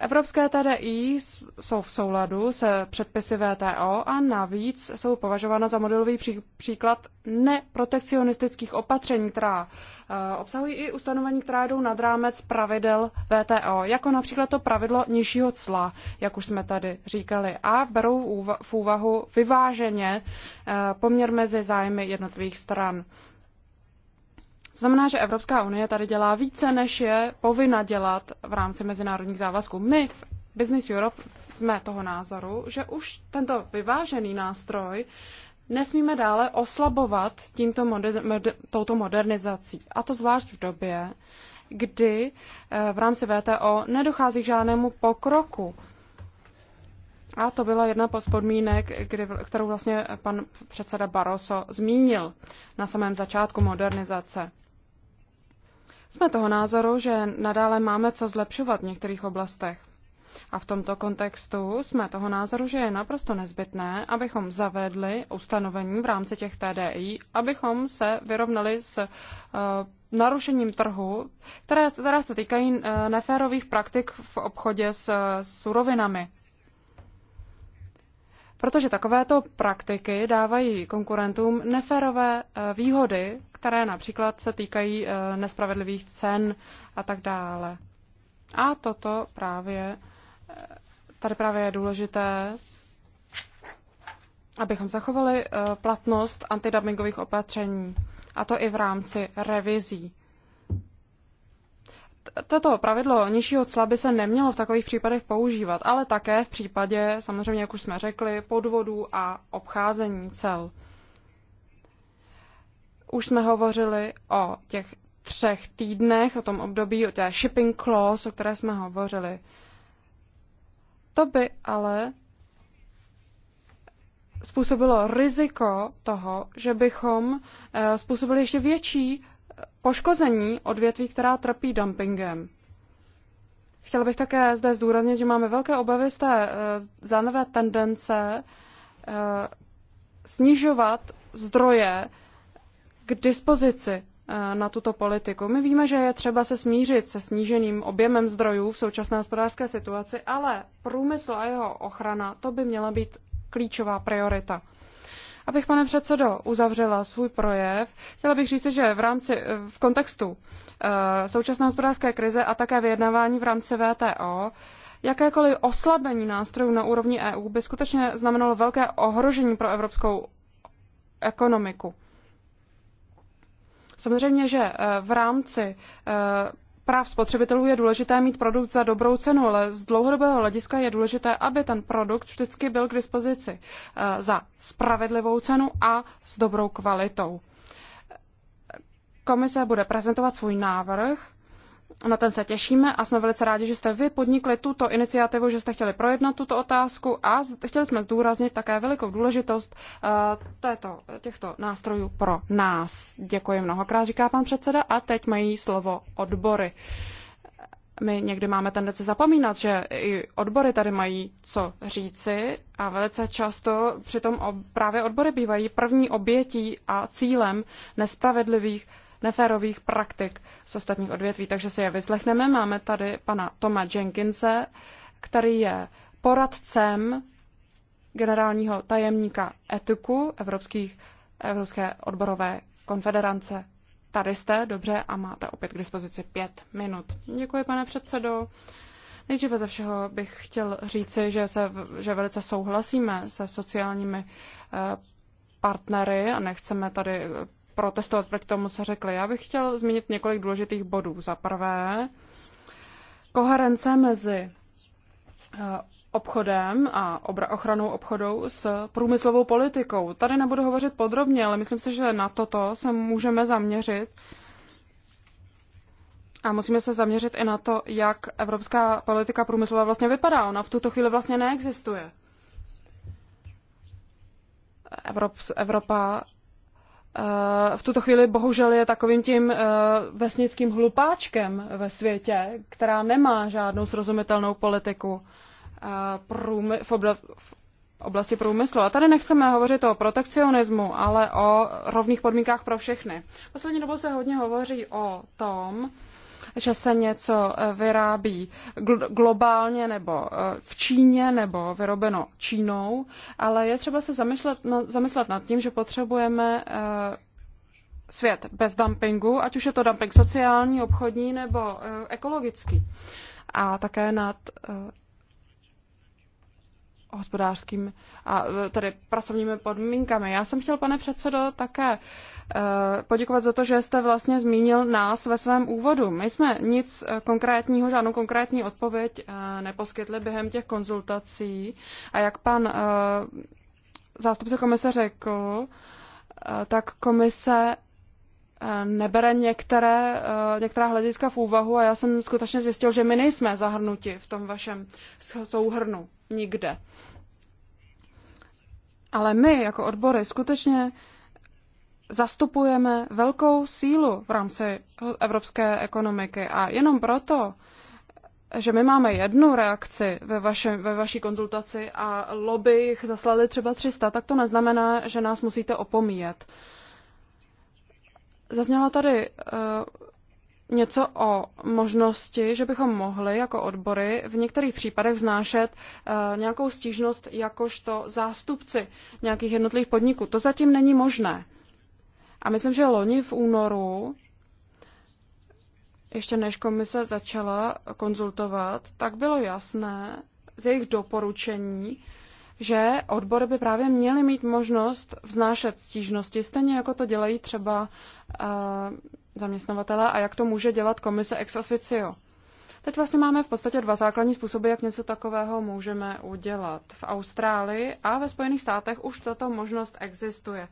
Evropské TDI jsou v souladu se předpisy VTO a navíc jsou považována za modelový pří, příklad neprotekcionistických opatření, která uh, obsahují i ustanovení, která jdou nad rámec pravidel VTO, jako například to pravidlo nižšího cla, jak už jsme tady říkali, a berou v úvahu vyváženě uh, poměr mezi zájmy jednotlivých stran. Znamená, že Evropská unie tady dělá více, než je povinna dělat v rámci mezinárodních závazků. My v Business Europe jsme toho názoru, že už tento vyvážený nástroj nesmíme dále oslabovat tímto moder- moder- touto modernizací. A to zvlášť v době, kdy eh, v rámci VTO nedochází k žádnému pokroku. A to byla jedna z podmínek, kdy, kterou vlastně pan předseda Barroso zmínil na samém začátku modernizace. Jsme toho názoru, že nadále máme co zlepšovat v některých oblastech. A v tomto kontextu jsme toho názoru, že je naprosto nezbytné, abychom zavedli ustanovení v rámci těch TDI, abychom se vyrovnali s uh, narušením trhu, které, které se týkají uh, neférových praktik v obchodě s, s surovinami. Protože takovéto praktiky dávají konkurentům neférové uh, výhody které například se týkají eh, nespravedlivých cen a tak dále. A toto právě, eh, tady právě je důležité, abychom zachovali eh, platnost antidumpingových opatření, a to i v rámci revizí. Toto pravidlo nižšího cla by se nemělo v takových případech používat, ale také v případě, samozřejmě, jak už jsme řekli, podvodů a obcházení cel. Už jsme hovořili o těch třech týdnech, o tom období, o té shipping clause, o které jsme hovořili. To by ale způsobilo riziko toho, že bychom eh, způsobili ještě větší eh, poškození odvětví, která trpí dumpingem. Chtěla bych také zde zdůraznit, že máme velké obavy z té eh, zánové tendence snižovat zdroje k dispozici eh, na tuto politiku. My víme, že je třeba se smířit se sníženým objemem zdrojů v současné hospodářské situaci, ale průmysl a jeho ochrana, to by měla být klíčová priorita. Abych, pane předsedo, uzavřela svůj projev, chtěla bych říct, že v rámci, eh, v kontextu eh, současné hospodářské krize a také vyjednávání v rámci VTO, jakékoliv oslabení nástrojů na úrovni EU by skutečně znamenalo velké ohrožení pro evropskou ekonomiku. Samozřejmě, že eh, v rámci eh, práv spotřebitelů je důležité mít produkt za dobrou cenu, ale z dlouhodobého hlediska je důležité, aby ten produkt vždycky byl k dispozici eh, za spravedlivou cenu a s dobrou kvalitou. Komise bude prezentovat svůj návrh na ten se těšíme a jsme velice rádi, že jste vy podnikli tuto iniciativu, že jste chtěli projednat tuto otázku a chtěli jsme zdůraznit také velikou důležitost eh, této, těchto nástrojů pro nás. Děkuji mnohokrát, říká pan předseda a teď mají slovo odbory. My někdy máme tendenci zapomínat, že i odbory tady mají co říci a velice často přitom právě odbory bývají první obětí a cílem nespravedlivých neférových praktik z ostatních odvětví. Takže si je vyslechneme. Máme tady pana Toma Jenkinse, který je poradcem generálního tajemníka etiku Evropských, Evropské odborové konfederance Tady jste, dobře, a máte opět k dispozici pět minut. Děkuji, pane předsedo. Nejdříve ze všeho bych chtěl říci, že, se, že velice souhlasíme se sociálními eh, partnery a nechceme tady protestovat proti tomu, co řekli. Já bych chtěl zmínit několik důležitých bodů. Za prvé, koherence mezi eh, obchodem a ochranou obchodu s průmyslovou politikou. Tady nebudu hovořit podrobně, ale myslím si, že na toto se můžeme zaměřit. A musíme se zaměřit i na to, jak evropská politika průmyslová vlastně vypadá. Ona v tuto chvíli vlastně neexistuje. Evropa v tuto chvíli bohužel je takovým tím eh, vesnickým hlupáčkem ve světě, která nemá žádnou srozumitelnou politiku eh, v oblasti průmyslu. A tady nechceme hovořit o protekcionismu, ale o rovných podmínkách pro všechny. Poslední dobou se hodně hovoří o tom, že se něco eh, vyrábí globálně nebo eh, v Číně nebo vyrobeno Čínou, ale je třeba se zamyslet, no, zamyslet nad tím, že potřebujeme eh, svět bez dumpingu, ať už je to dumping sociální, obchodní nebo ekologický. A také nad hospodářským a tedy pracovními podmínkami. Já jsem chtěl, pane předsedo, také Eh, poděkovat za to, že jste vlastně zmínil nás ve svém úvodu. My jsme nic eh, konkrétního, žádnou konkrétní odpověď eh, neposkytli během těch konzultací a jak pan zástupce komise řekl, tak komise nebere některé, některá hlediska v úvahu a já jsem skutečně zjistil, že my nejsme zahrnuti v tom vašem souhrnu nikde. Ale my jako odbory skutečně zastupujeme velkou sílu v rámci evropské ekonomiky a jenom proto, že my máme jednu reakci ve, vaše, ve vaší konzultaci a lobby jich zaslali třeba 300, tak to neznamená, že nás musíte opomíjet. Zazněla tady uh, něco o možnosti, že bychom mohli jako odbory v některých případech znášet uh, eh, nějakou stížnost jakožto zástupci nějakých jednotlivých podniků. To zatím není možné. A myslím, že loni v únoru, ještě než komise začala konzultovat, tak bylo jasné z jejich doporučení, že odbory by právě měly mít možnost vznášet stížnosti, stejně jako to dělají třeba uh, eh, zaměstnavatele a jak to může dělat komise ex officio. Teď vlastně máme v podstatě dva základní způsoby, jak něco takového můžeme udělat. V Austrálii a ve Spojených státech už tato možnost existuje.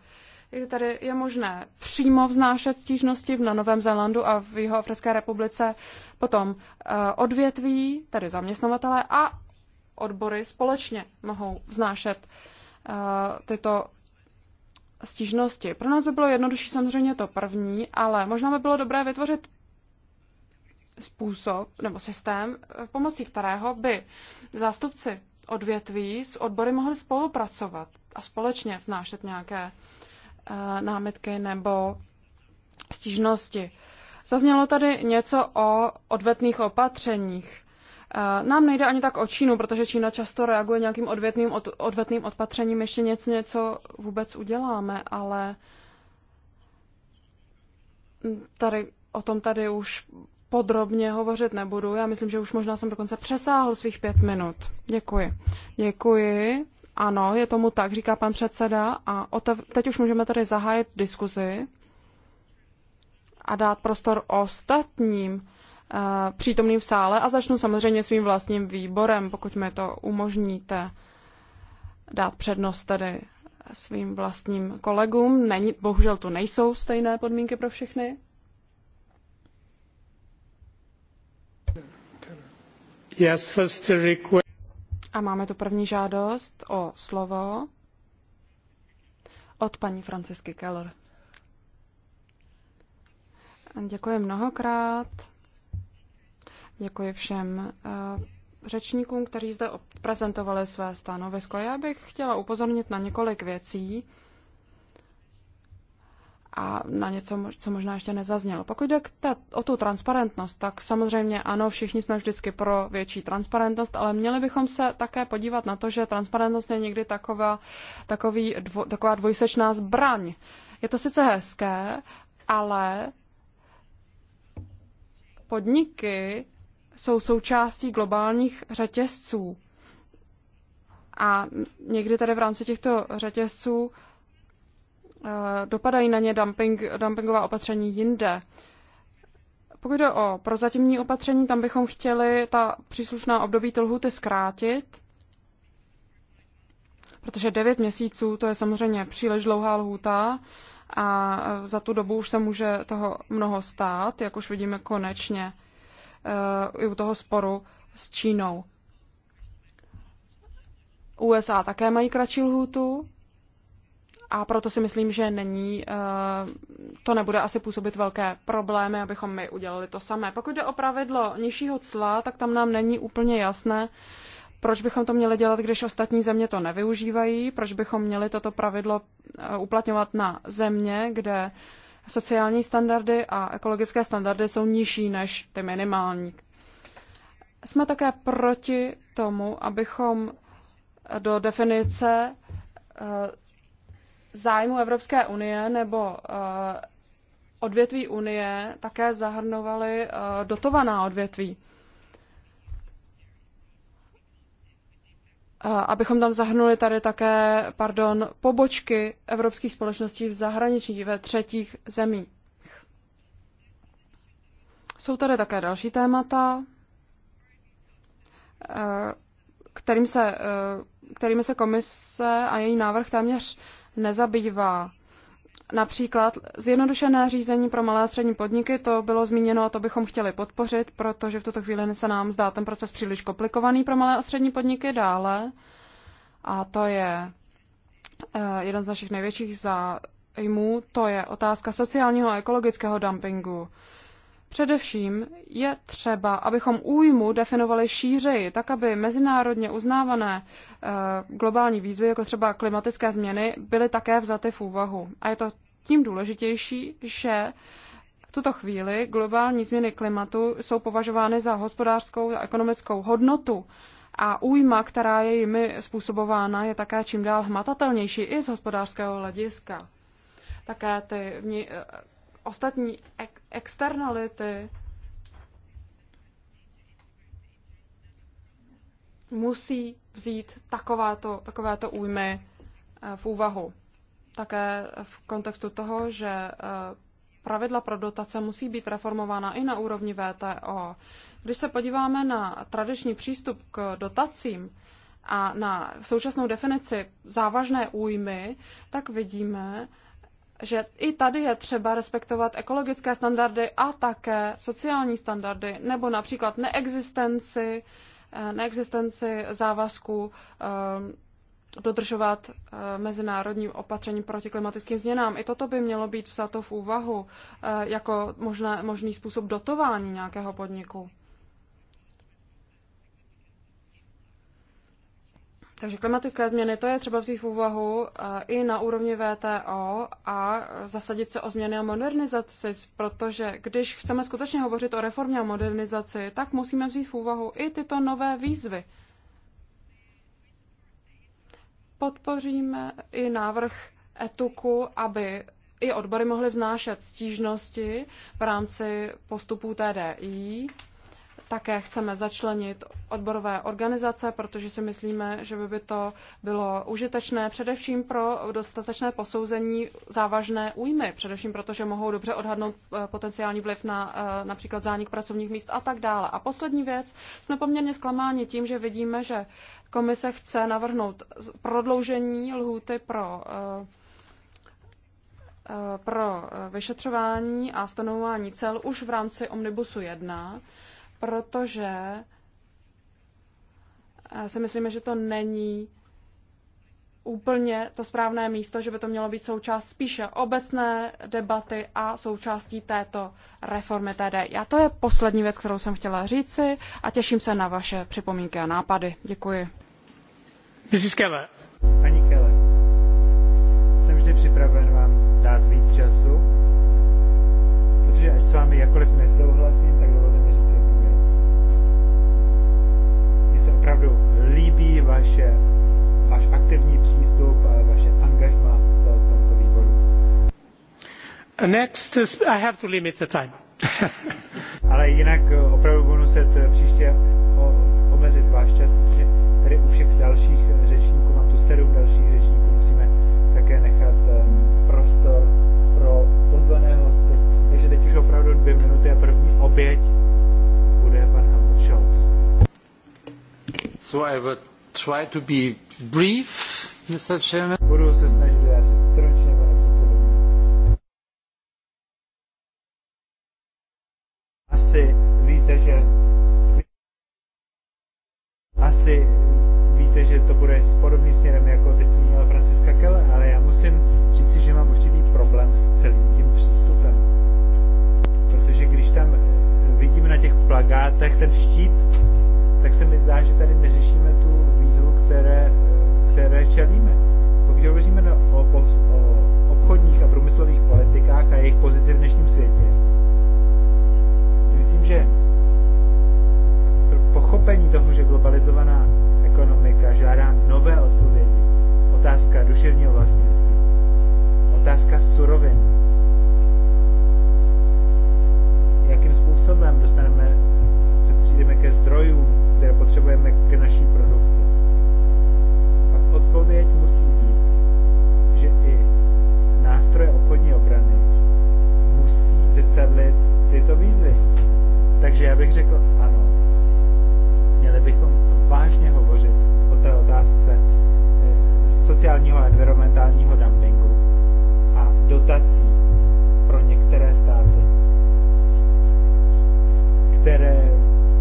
Tady je možné přímo vznášet stížnosti na Novém Zélandu a v Jihoafrické republice, potom eh, odvětví, tedy zaměstnavatele a odbory společně mohou vznášet eh, tyto stížnosti. Pro nás by bylo jednodušší samozřejmě to první, ale možná by bylo dobré vytvořit způsob nebo systém, eh, pomocí kterého by zástupci odvětví s odbory mohli spolupracovat a společně vznášet nějaké námitky nebo stížnosti. Zaznělo tady něco o odvetných opatřeních. Nám nejde ani tak o Čínu, protože Čína často reaguje nějakým odvětným, od, odvetným odpatřením, ještě něco, něco vůbec uděláme, ale tady, o tom tady už podrobně hovořit nebudu. Já myslím, že už možná jsem dokonce přesáhl svých pět minut. Děkuji. Děkuji. Ano, je tomu tak, říká pan předseda. A otev... teď už můžeme tady zahájit diskuzi a dát prostor ostatním uh, přítomným v sále a začnu samozřejmě svým vlastním výborem, pokud mi to umožníte dát přednost tedy svým vlastním kolegům. Není, bohužel tu nejsou stejné podmínky pro všechny. Yes, first request. A máme tu první žádost o slovo od paní Francisky Keller. Děkuji mnohokrát. Děkuji všem eh, řečníkům, kteří zde prezentovali své stanovisko. Já bych chtěla upozornit na několik věcí, a na něco, co možná ještě nezaznělo. Pokud jde ta, o tu transparentnost, tak samozřejmě ano, všichni jsme vždycky pro větší transparentnost, ale měli bychom se také podívat na to, že transparentnost je někdy taková, takový, dvo, taková dvojsečná zbraň. Je to sice hezké, ale podniky jsou součástí globálních řetězců. A někdy tady v rámci těchto řetězců Eh, dopadají na ně dumping, dumpingová opatření jinde. Pokud jde o prozatímní opatření, tam bychom chtěli ta příslušná období ty lhuty zkrátit, protože 9 měsíců to je samozřejmě příliš dlouhá lhůta a za tu dobu už se může toho mnoho stát, jak už vidíme konečně eh, i u toho sporu s Čínou. USA také mají kratší lhůtu, a proto si myslím, že není, eh, to nebude asi působit velké problémy, abychom my udělali to samé. Pokud jde o pravidlo nižšího cla, tak tam nám není úplně jasné, proč bychom to měli dělat, když ostatní země to nevyužívají, proč bychom měli toto pravidlo eh, uplatňovat na země, kde sociální standardy a ekologické standardy jsou nižší než ty minimální. Jsme také proti tomu, abychom do definice eh, zájmu Evropské unie nebo eh, odvětví unie také zahrnovaly eh, dotovaná odvětví. Eh, abychom tam zahrnuli tady také, pardon, pobočky evropských společností v zahraničí, ve třetích zemích. Jsou tady také další témata, kterým se, kterými se komise a její návrh téměř nezabývá. Například zjednodušené řízení pro malé a střední podniky, to bylo zmíněno a to bychom chtěli podpořit, protože v tuto chvíli se nám zdá ten proces příliš komplikovaný pro malé a střední podniky dále. A to je eh, jeden z našich největších zájmů, to je otázka sociálního a ekologického dumpingu. Především je třeba, abychom újmu definovali šířeji, tak aby mezinárodně uznávané eh, globální výzvy, jako třeba klimatické změny, byly také vzaty v úvahu. A je to tím důležitější, že v tuto chvíli globální změny klimatu jsou považovány za hospodářskou a ekonomickou hodnotu a újma, která je jimi způsobována, je také čím dál hmatatelnější i z hospodářského hlediska. Také ty eh, ostatní ek- externality musí vzít takovéto, takovéto újmy eh, v úvahu. Také v kontextu toho, že eh, pravidla pro dotace musí být reformována i na úrovni VTO. Když se podíváme na tradiční přístup k dotacím a na současnou definici závažné újmy, tak vidíme, že i tady je třeba respektovat ekologické standardy a také sociální standardy, nebo například neexistenci, eh, neexistenci závazků eh, dodržovat eh, mezinárodní opatření proti klimatickým změnám. I toto by mělo být vzato v úvahu jako možné, možný způsob dotování nějakého podniku. Takže klimatické změny, to je třeba vzít v úvahu eh, i na úrovni VTO a zasadit se o změny a modernizaci, protože když chceme skutečně hovořit o reformě a modernizaci, tak musíme vzít v úvahu i tyto nové výzvy. Podpoříme i návrh etuku, aby i odbory mohly vznášet stížnosti v rámci postupů TDI také chceme začlenit odborové organizace, protože si myslíme, že by to bylo užitečné především pro dostatečné posouzení závažné újmy, především protože mohou dobře odhadnout eh, potenciální vliv na eh, například zánik pracovních míst a tak dále. A poslední věc, jsme poměrně zklamáni tím, že vidíme, že komise chce navrhnout prodloužení lhůty pro eh, pro vyšetřování a stanovování cel už v rámci Omnibusu 1, protože eh, si myslíme, že to není úplně to správné místo, že by to mělo být součást spíše obecné debaty a součástí této reformy TD. Já to je poslední věc, kterou jsem chtěla říci a těším se na vaše připomínky a nápady. Děkuji. Mrs. Keller. Paní Keller, jsem vždy připraven vám dát víc času, protože až s vámi jakoliv nesouhlasím, tak dovolte vaše, váš aktivní přístup, vaše angažma v tomto výboru. Next, I have to limit the time. Ale jinak eh, opravdu budu muset eh, příště omezit váš čas, protože tady u všech dalších řečníků, mám tu sedm dalších řečníků, musíme také nechat eh, prostor pro pozvané hosty. Takže teď už opravdu dvě minuty a první oběť bude pan Helmut Scholz. So I would try to be brief, Mr. Chairman. čelíme. Pokud hovoříme o, o, o obchodních a průmyslových politikách a jejich pozici v dnešním světě, myslím, že pochopení toho, že globalizovaná ekonomika žádá nové odpovědi, otázka duševního vlastnictví, otázka surovin, jakým způsobem dostaneme, se přijdeme ke zdrojům, které potřebujeme k naší produkci odpověď musí být, že i nástroje obchodní obrany musí zrcadlit tyto výzvy. Takže já bych řekl ano. Měli bychom vážně hovořit o té otázce eh, sociálního a environmentálního dumpingu a dotací pro některé státy, které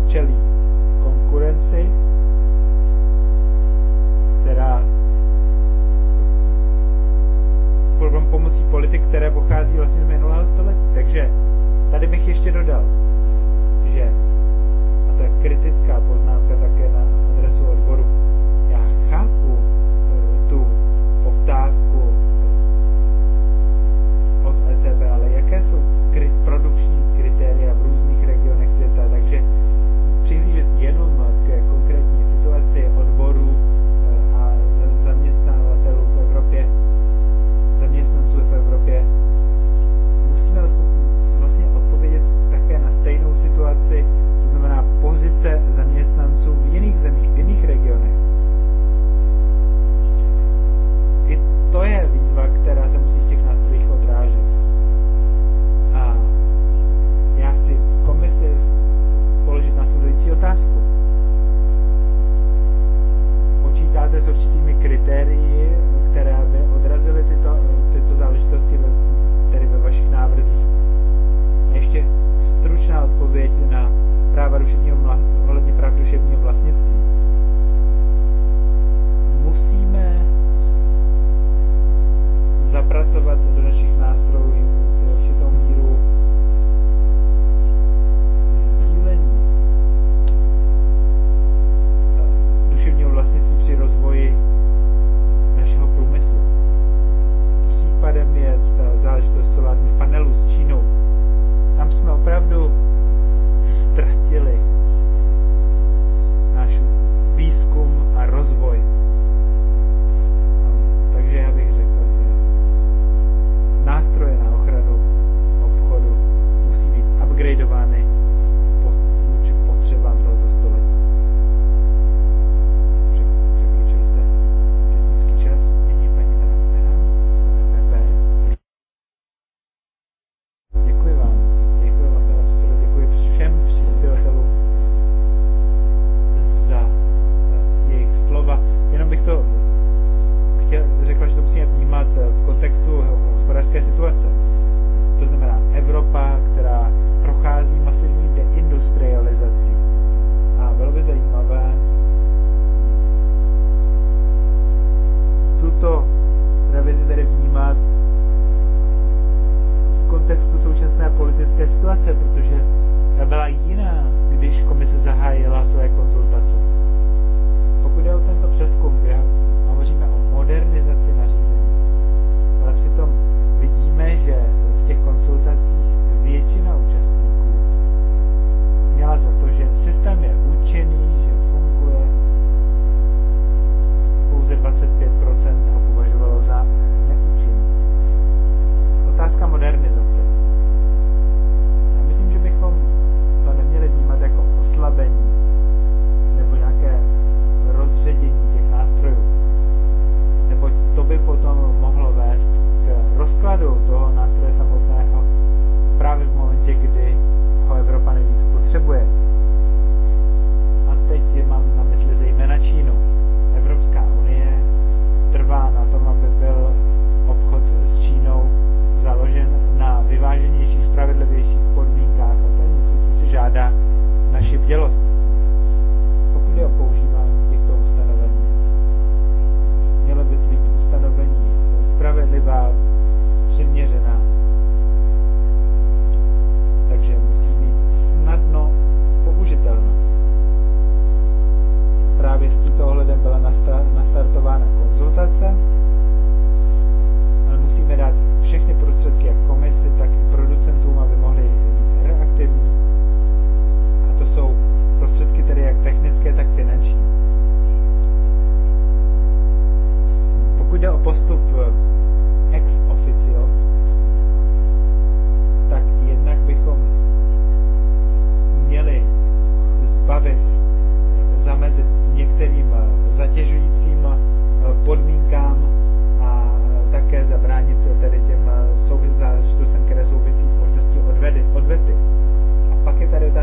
čelí konkurenci která problém pomocí politik, které pochází vlastně z minulého století. Takže tady bych ještě dodal, že, a to je kritická poznámka také na adresu odboru, já chápu eh, tu poptávku od ECB, ale jaké jsou kri- produkční kritéria?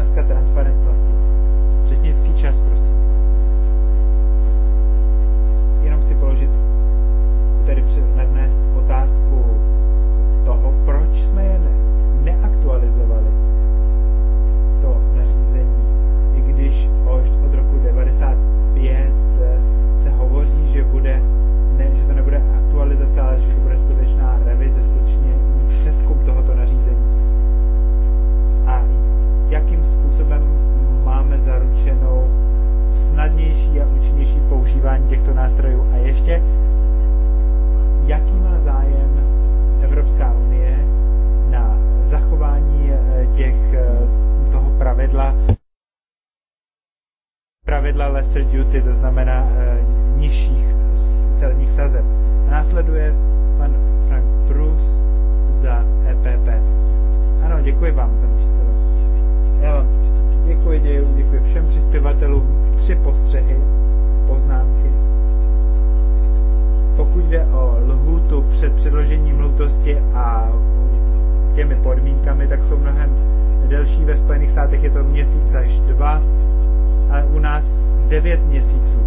otázka transparentnosti. Řečnický čas, prosím. používání těchto nástrojů a ještě, jaký má zájem Evropská unie na zachování eh, těch, eh, toho pravidla pravidla lesser duty, to znamená eh, nižších celních sazeb. Následuje pan Frank Bruce za EPP. Ano, děkuji vám, pane předsedo. Děkuji, děkuji všem přispěvatelům. Tři postřehy poznámky. Pokud jde o lhůtu před předložením lhutosti a těmi podmínkami, tak jsou mnohem delší. Ve Spojených státech je to měsíc až dva, ale u nás 9 měsíců,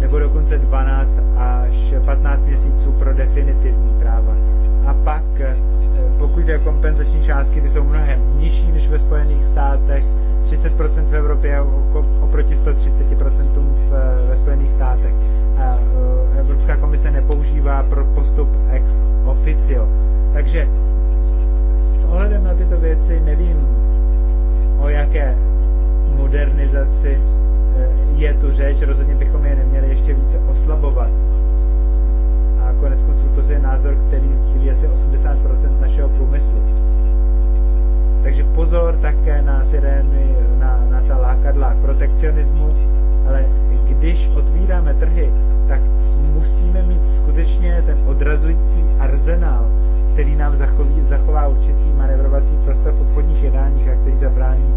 nebo dokonce 12 až 15 měsíců pro definitivní práva. A pak, eh, pokud jde o kompenzační částky, ty jsou mnohem nižší než ve Spojených státech, 30% v Evropě a oproti 130% v, eh, ve Spojených státech. A eh, Evropská komise nepoužívá pro postup ex officio. Takže s ohledem na tyto věci nevím, o jaké modernizaci eh, je tu řeč, rozhodně bychom je neměli ještě více oslabovat. A konec konců to je názor, který sdílí asi 80% našeho průmyslu. Takže pozor také na sirény, na, na ta lákadla k protekcionismu, ale když otvíráme trhy, tak musíme mít skutečně ten odrazující arzenál, který nám zachoví, zachová určitý manevrovací prostor v obchodních jednáních a který zabrání,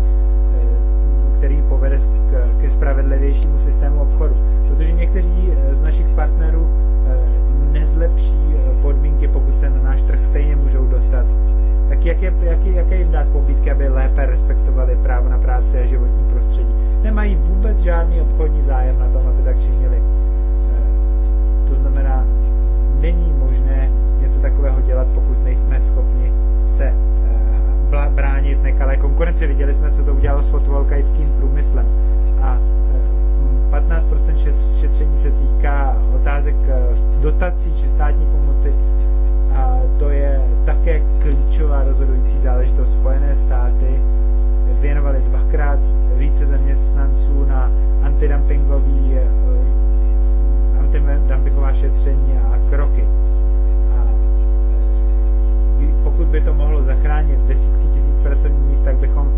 eh, který povede k, ke spravedlivějšímu systému obchodu. Protože někteří eh, z našich partnerů eh, nezlepší podmínky, pokud se na náš trh stejně můžou dostat tak jak je, jak, jaké jim dát pobídky, aby lépe respektovali právo na práci a životní prostředí. Nemají vůbec žádný obchodní zájem na tom, aby tak činili. Eh, to znamená, není možné něco takového dělat, pokud nejsme schopni se eh, bránit nekalé konkurenci. Viděli jsme, co to udělalo s fotovoltaickým průmyslem. A 15% eh, šetření se týká otázek dotací či státní pomoci a to je také klíčová rozhodující záležitost. Spojené státy věnovaly dvakrát více zaměstnanců na antidumpingový eh, antidumpingová šetření a kroky. A pokud by to mohlo zachránit desítky tisíc pracovních míst, tak bychom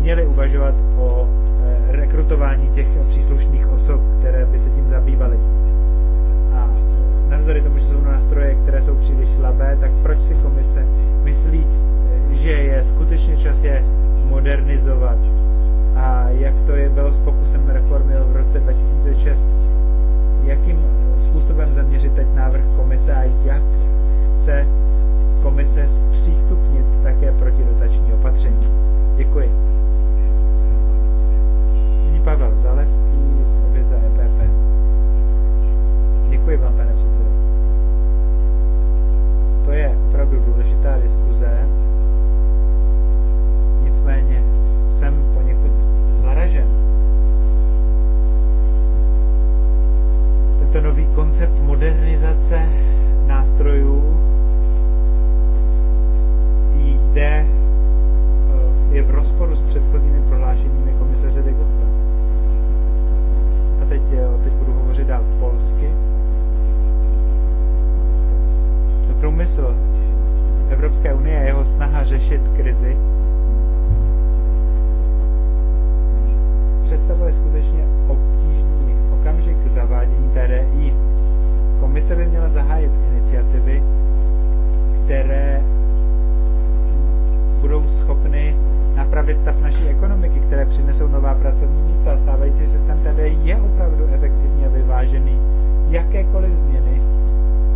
měli uvažovat o eh, rekrutování těch příslušných osob, které které jsou příliš slabé, tak proč si komise myslí, eh, že je skutečně čas je modernizovat? A jak to je bylo s pokusem reformy v roce 2006? Jakým způsobem zaměřit teď návrh komise a jak chce komise zpřístupnit také protidotační opatření? Děkuji. Nyní Pavel Zalevský z za EPP. Děkuji vám, pane předsedo. To je opravdu důležitá diskuze. Nicméně jsem poněkud zaražen. Tento nový koncept modernizace nástrojů jde, eh, je v rozporu s předchozími prohlášeními komisaře de A teď, eh, teď budu hovořit dál polsky. Průmysl Evropské unie a jeho snaha řešit krizi představuje skutečně obtížný okamžik zavádění TDI. Komise by měla zahájit iniciativy, které budou schopny napravit stav naší ekonomiky, které přinesou nová pracovní místa. Stávající systém TDI je opravdu efektivní a vyvážený. Jakékoliv změny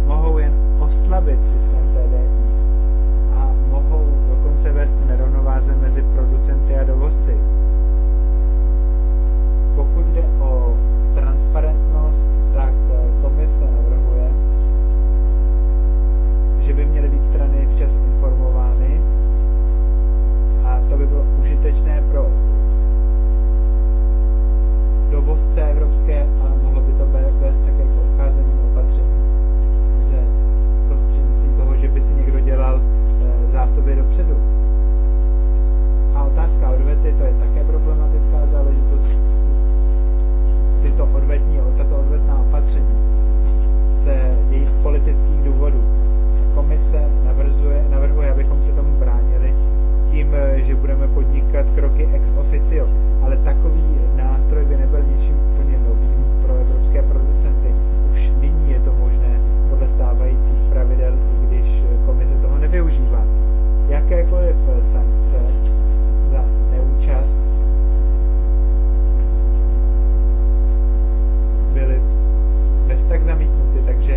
mohou jen oslabit systém TDI a mohou dokonce vést nerovnováze mezi producenty a dovozci. Pokud jde o transparentnost, tak eh, komise navrhuje, že by měly být strany včas informovány a to by bylo užitečné pro dovozce evropské a mohlo by to vést také k obcházení opatření ze aby si někdo dělal eh, zásoby dopředu. A otázka odvety, to je také problematická záležitost. Tyto odvetní, tato odvetná opatření se dějí z politických důvodů. Komise navrzuje, navrhuje, abychom se tomu bránili tím, že budeme podnikat kroky ex officio, ale takový nástroj by nebyl ničím úplně novým pro evropské producenty. Už nyní je to možné podle stávajících pravidel, i komise toho nevyužívá. Jakékoliv eh, sankce za neúčast byly bez tak zamítnuty, takže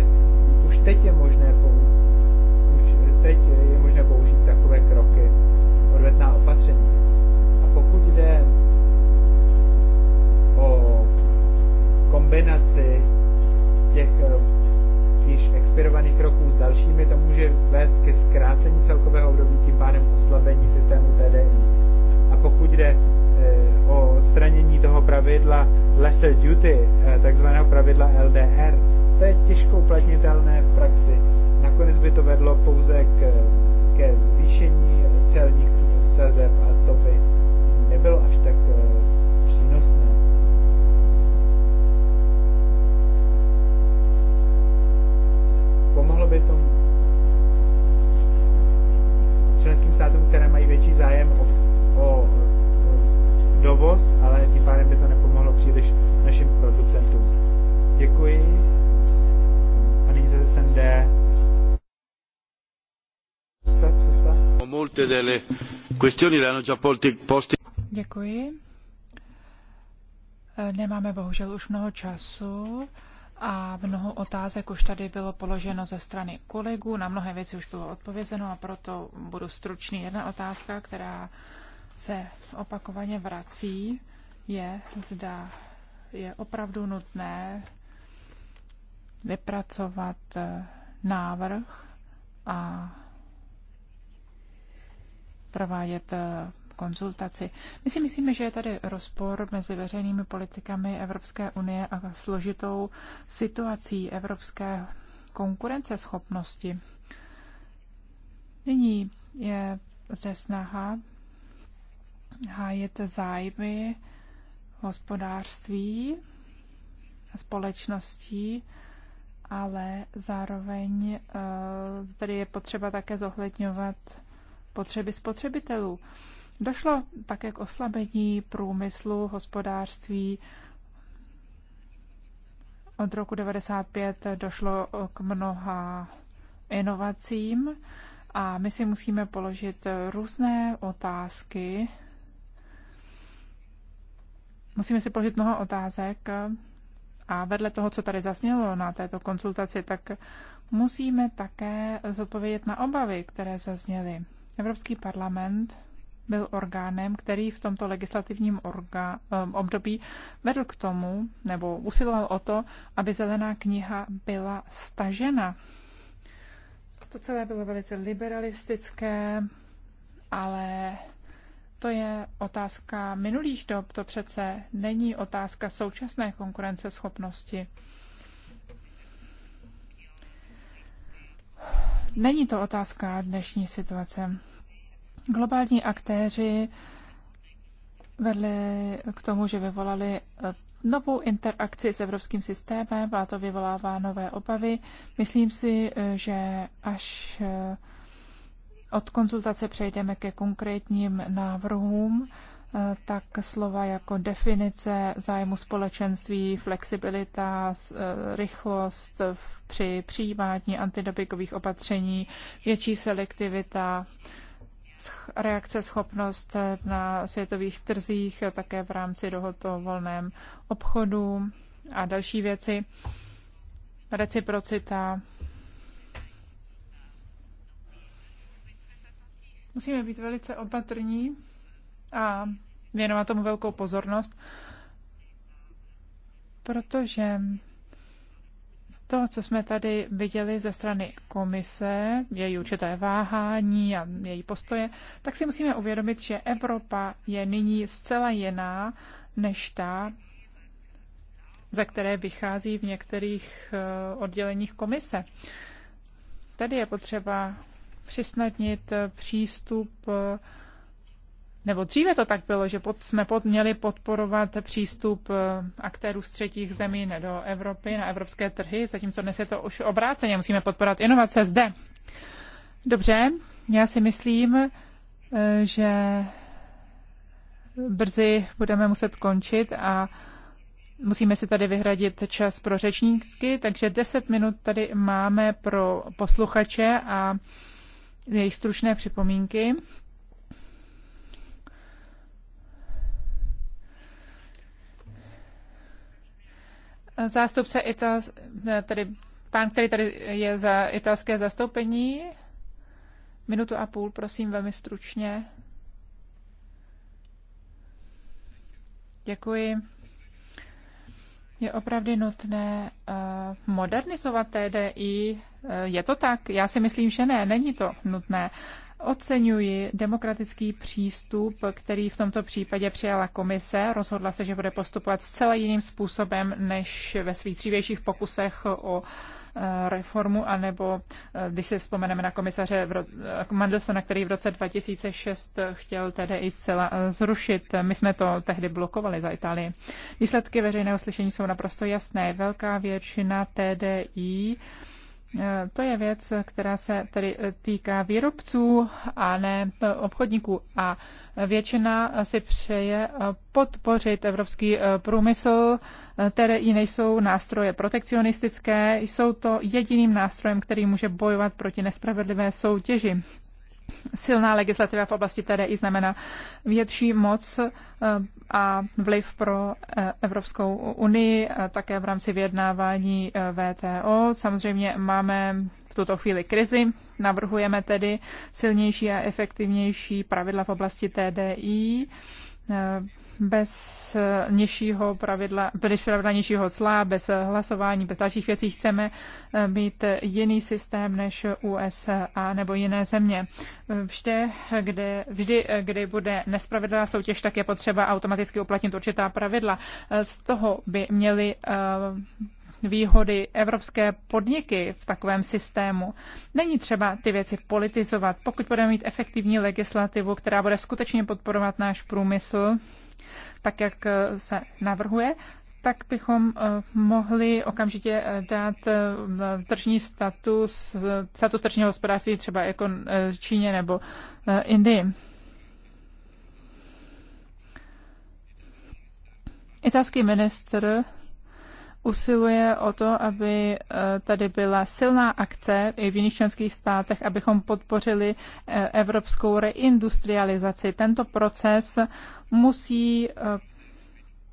už teď je možné použít, eh, teď je možné použít takové kroky, odvetná opatření. A pokud jde o kombinaci těch eh, již expirovaných roků s dalšími, to může vést ke zkrácení celkového období, tím pádem oslabení systému TDI. A pokud jde eh, o odstranění toho pravidla lesser duty, eh, takzvaného pravidla LDR, to je těžko uplatnitelné v praxi. Nakonec by to vedlo pouze k, ke zvýšení celních sazeb a to by nebylo až tak eh, přínosné. Děkuji. A nyní se SND. Molte delle questioni le hanno già posti. Děkuji. E, nemáme bohužel už mnoho času a mnoho otázek už tady bylo položeno ze strany kolegů. Na mnohé věci už bylo odpovězeno a proto budu stručný. Jedna otázka, která se opakovaně vrací, je, zda je opravdu nutné vypracovat eh, návrh a provádět eh, konzultaci. My si myslíme, že je tady rozpor mezi veřejnými politikami Evropské unie a složitou situací evropské konkurenceschopnosti. Nyní je zde snaha hájet zájmy hospodářství a společností, ale zároveň eh, tady je potřeba také zohledňovat potřeby spotřebitelů. Došlo také k oslabení průmyslu, hospodářství. Od roku 1995 došlo k mnoha inovacím a my si musíme položit různé otázky. Musíme si položit mnoho otázek a vedle toho, co tady zasnělo na této konsultaci, tak musíme také zodpovědět na obavy, které zazněly. Evropský parlament byl orgánem, který v tomto legislativním orga, eh, období vedl k tomu, nebo usiloval o to, aby zelená kniha byla stažena. To celé bylo velice liberalistické, ale to je otázka minulých dob, to přece není otázka současné konkurenceschopnosti. Není to otázka dnešní situace. Globální aktéři vedli k tomu, že vyvolali eh, novou interakci s evropským systémem a to vyvolává nové obavy. Myslím si, eh, že až eh, od konzultace přejdeme ke konkrétním návrhům, eh, tak slova jako definice zájmu společenství, flexibilita, eh, rychlost při přijímání antidopikových opatření, větší selektivita, reakce schopnost eh, na světových trzích, také v rámci dohod volném obchodu a další věci, reciprocita, Musíme být velice opatrní a věnovat tomu velkou pozornost, protože to, co jsme tady viděli ze strany komise, její určité váhání a její postoje, tak si musíme uvědomit, že Evropa je nyní zcela jiná než ta, za které vychází v některých eh, odděleních komise. Tady je potřeba přisnadnit eh, přístup eh, nebo dříve to tak bylo, že pod, jsme pod, měli podporovat přístup eh, aktérů z třetích zemí do Evropy, na evropské trhy, zatímco dnes je to už obráceně, musíme podporovat inovace zde. Dobře, já si myslím, že brzy budeme muset končit a musíme si tady vyhradit čas pro řečníky, takže 10 minut tady máme pro posluchače a jejich stručné připomínky. Zástupce Ital, tedy pán, který tady je za italské zastoupení, minutu a půl, prosím, velmi stručně. Děkuji je opravdu nutné eh, modernizovat TDI? Eh, je to tak? Já si myslím, že ne, není to nutné. Oceňuji demokratický přístup, který v tomto případě přijala komise. Rozhodla se, že bude postupovat zcela jiným způsobem než ve svých dřívějších pokusech o uh, reformu, anebo eh, když si vzpomeneme na komisaře eh, Mandelsona, který v roce 2006 chtěl tedy i zcela eh, zrušit. My jsme to tehdy blokovali za Itálii. Výsledky veřejného slyšení jsou naprosto jasné. Velká většina TDI Eh, to je věc, která se tedy eh, týká výrobců a ne eh, obchodníků. A většina si přeje podpořit evropský průmysl, které i nejsou nástroje protekcionistické, jsou to jediným nástrojem, který může bojovat proti nespravedlivé soutěži silná legislativa v oblasti TDI znamená větší moc eh, a vliv pro eh, Evropskou unii, eh, také v rámci vyjednávání VTO. Samozřejmě máme v tuto chvíli krizi, navrhujeme tedy silnější a efektivnější pravidla v oblasti TDI bez eh, nižšího pravidla, bez pravidla nižšího cla, bez eh, hlasování, bez dalších věcí chceme eh, mít jiný systém než USA nebo jiné země. Vždy, kde, vždy, kdy bude nespravedlivá soutěž, tak je potřeba automaticky uplatnit určitá pravidla. Z toho by měli výhody evropské podniky v takovém systému. Není třeba ty věci politizovat. Pokud budeme mít efektivní legislativu, která bude skutečně podporovat náš průmysl, tak jak eh, se navrhuje, tak bychom eh, mohli okamžitě eh, dát tržní status, status tržního hospodářství třeba jako Číně nebo Indii. Italský ministr usiluje o to, aby eh, tady byla silná akce i v jiných členských státech, abychom podpořili eh, evropskou reindustrializaci. Tento proces musí eh,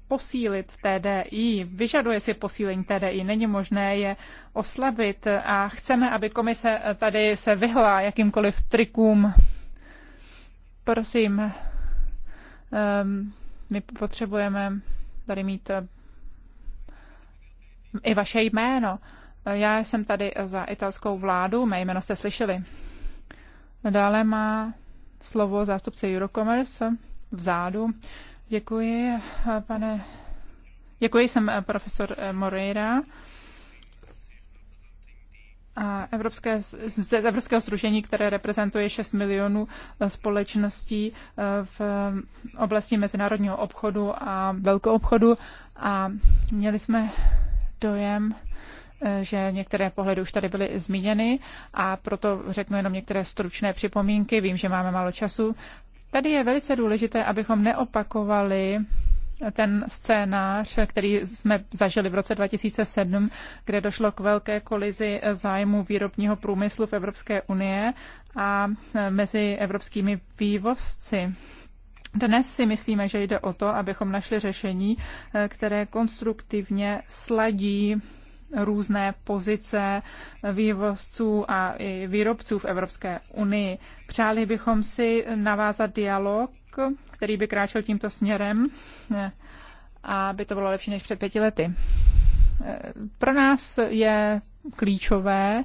posílit TDI, vyžaduje si posílení TDI, není možné je oslabit a chceme, aby komise tady se vyhla jakýmkoliv trikům. Prosím, my potřebujeme tady mít i vaše jméno. Já jsem tady za italskou vládu, mé jméno jste slyšeli. Dále má slovo zástupce Eurocommerce vzadu. Děkuji, pane. Děkuji, jsem profesor Moreira. A Evropské, z Evropského združení, které reprezentuje 6 milionů společností eh, v oblasti mezinárodního obchodu a velkou obchodu. A měli jsme dojem, eh, že některé pohledy už tady byly zmíněny a proto řeknu jenom některé stručné připomínky. Vím, že máme málo času. Tady je velice důležité, abychom neopakovali ten scénář, který jsme zažili v roce 2007, kde došlo k velké kolizi zájmu výrobního průmyslu v Evropské unie a mezi evropskými vývozci. Dnes si myslíme, že jde o to, abychom našli řešení, eh, které konstruktivně sladí různé pozice vývozců a i výrobců v Evropské unii. Přáli bychom si navázat dialog, který by kráčel tímto směrem, eh, aby to bylo lepší než před pěti lety. Eh, pro nás je klíčové,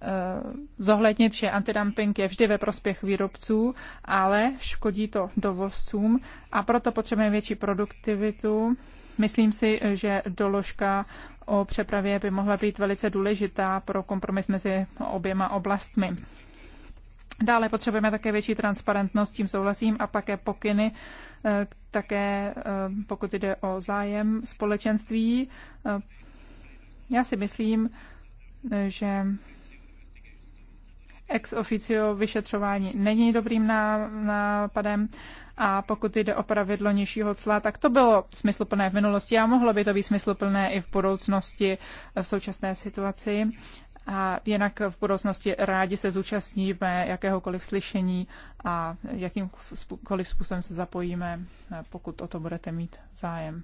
Eh, zohlednit, že antidumping je vždy ve prospěch výrobců, ale škodí to dovozcům a proto potřebujeme větší produktivitu. Myslím si, že doložka o přepravě by mohla být velice důležitá pro kompromis mezi oběma oblastmi. Dále potřebujeme také větší transparentnost, tím souhlasím, a také pokyny, eh, také eh, pokud jde o zájem společenství. Já si myslím, že ex officio vyšetřování není dobrým nápadem a pokud jde o pravidlo nižšího cla, tak to bylo smysluplné v minulosti a mohlo by to být smysluplné i v budoucnosti v současné situaci. A jinak v budoucnosti rádi se zúčastníme jakéhokoliv slyšení a jakýmkoliv způsobem se zapojíme, pokud o to budete mít zájem.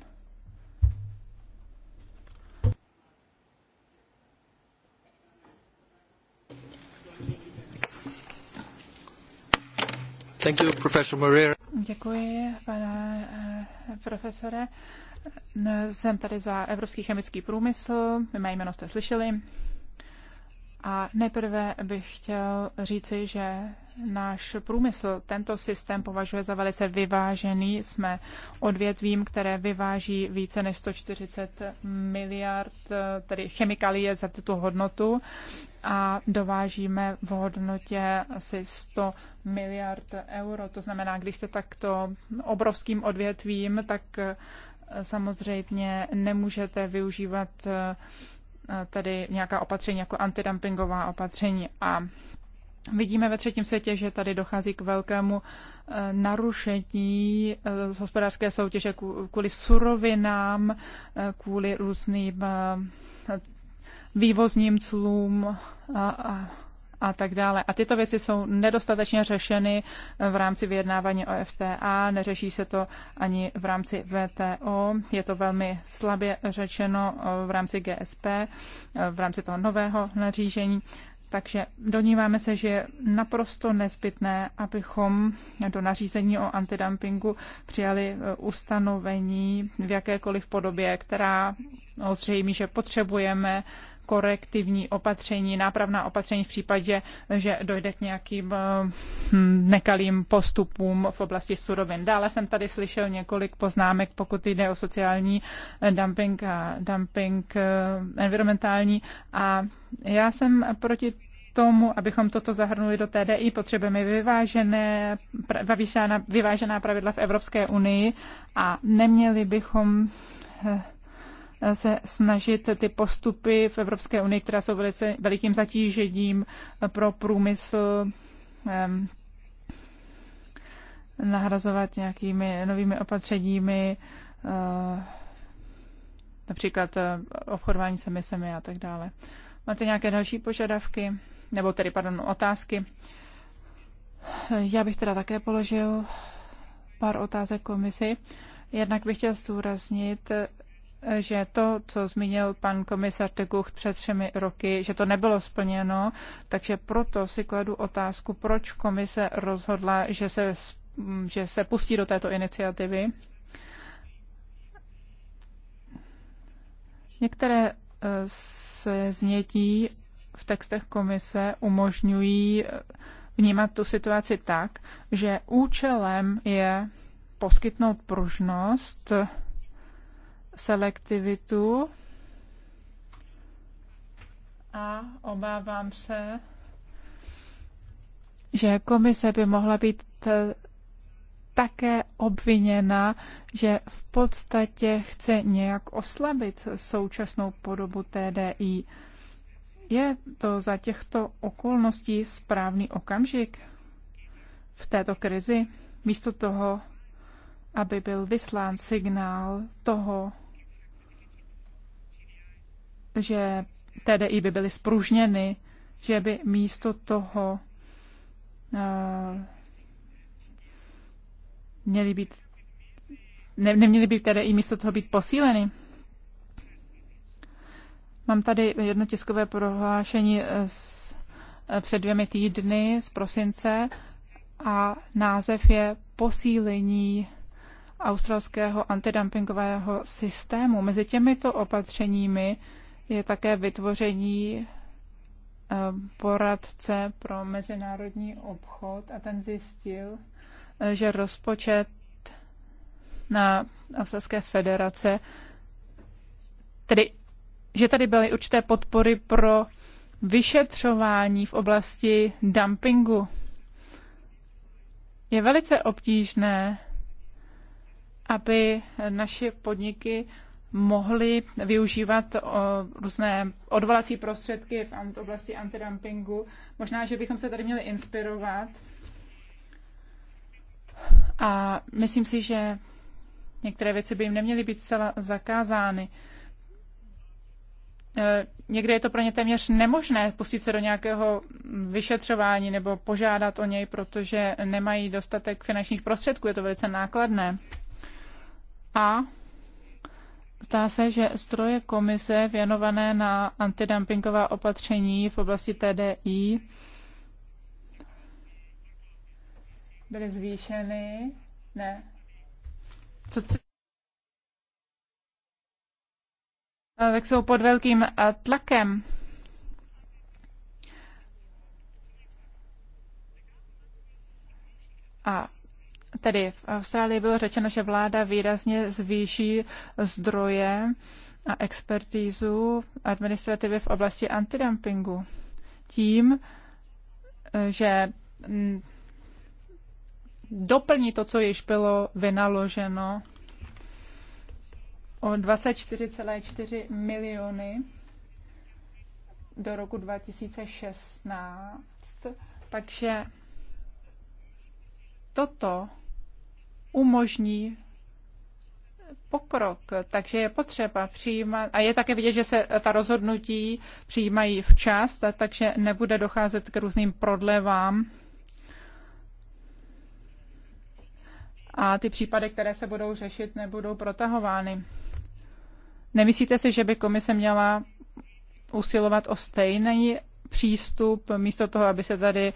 Děkuji, pane eh, profesore. Jsem tady za Evropský chemický průmysl. Mé jméno jste slyšeli. A nejprve bych chtěl říci, že náš průmysl tento systém považuje za velice vyvážený. Jsme odvětvím, které vyváží více než 140 miliard, eh, tedy chemikálie za tuto hodnotu a dovážíme v hodnotě asi 100 miliard euro. To znamená, když jste takto obrovským odvětvím, tak eh, samozřejmě nemůžete využívat eh, Eh, tady nějaká opatření jako antidumpingová opatření a Vidíme ve třetím světě, že tady dochází k velkému eh, narušení eh, z hospodářské soutěže kvůli surovinám, kvůli různým vývozním clům a, a a tak dále. A tyto věci jsou nedostatečně řešeny v rámci vyjednávání o FTA, neřeší se to ani v rámci VTO, je to velmi slabě řečeno v rámci GSP, v rámci toho nového nařízení. Takže doníváme se, že je naprosto nezbytné, abychom do nařízení o antidumpingu přijali eh, ustanovení v jakékoliv podobě, která ozřejmí, že potřebujeme korektivní opatření, nápravná opatření v případě, že dojde k nějakým eh, hm, nekalým postupům v oblasti surovin. Dále jsem tady slyšel několik poznámek, pokud jde o sociální eh, dumping a dumping eh, environmentální a já jsem proti tomu, abychom toto zahrnuli do TDI, potřebujeme vyvážené, vyvážená pravidla v Evropské unii a neměli bychom se snažit ty postupy v Evropské unii, která jsou velice velikým zatížením pro průmysl, nahrazovat nějakými novými opatřeními, eh, například eh, obchodování s emisemi a tak dále. Máte nějaké další požadavky? Nebo tedy, pardon, otázky? Já bych teda také položil pár otázek komisi. Jednak bych chtěl zdůraznit, že to, co zmínil pan komisař de Gucht před třemi roky, že to nebylo splněno, takže proto si kladu otázku, proč komise rozhodla, že se, že se pustí do této iniciativy. Některé eh, se znětí v textech komise umožňují eh, vnímat tu situaci tak, že účelem je poskytnout pružnost selektivitu a obávám se, že komise by mohla být eh, také obviněna, že v podstatě chce nějak oslabit současnou podobu TDI. Je to za těchto okolností správný okamžik v této krizi, místo toho, aby byl vyslán signál toho, že TDI by byly spružněny, že by místo toho eh, měly být ne, neměly by tedy i místo toho být posíleny. Mám tady jedno tiskové prohlášení z, eh, eh, před dvěmi týdny z prosince a název je Posílení australského antidumpingového systému. Mezi těmito opatřeními je také vytvoření eh, poradce pro mezinárodní obchod a ten zjistil, eh, že rozpočet na Australské federace, tedy, že tady byly určité podpory pro vyšetřování v oblasti dumpingu. Je velice obtížné, aby naše podniky mohli využívat eh, různé odvolací prostředky v oblasti antidumpingu. Možná, že bychom se tady měli inspirovat. A myslím si, že některé věci by jim neměly být zcela zakázány. Eh, někde je to pro ně téměř nemožné pustit se do nějakého vyšetřování nebo požádat o něj, protože nemají dostatek finančních prostředků. Je to velice nákladné. A Zdá se, že stroje komise věnované na antidumpingová opatření v oblasti TDI byly zvýšeny. Ne. Co, co? Tak jsou pod velkým eh, tlakem. A tedy v Austrálii bylo řečeno, že vláda výrazně zvýší zdroje a expertízu administrativy v oblasti antidumpingu. Tím, že mm, doplní to, co již bylo vynaloženo o 24,4 miliony do roku 2016. Takže toto umožní pokrok, takže je potřeba přijímat, a je také vidět, že se ta rozhodnutí přijímají včas, takže nebude docházet k různým prodlevám. A ty případy, které se budou řešit, nebudou protahovány. Nemyslíte si, že by komise měla usilovat o stejný přístup, místo toho, aby se tady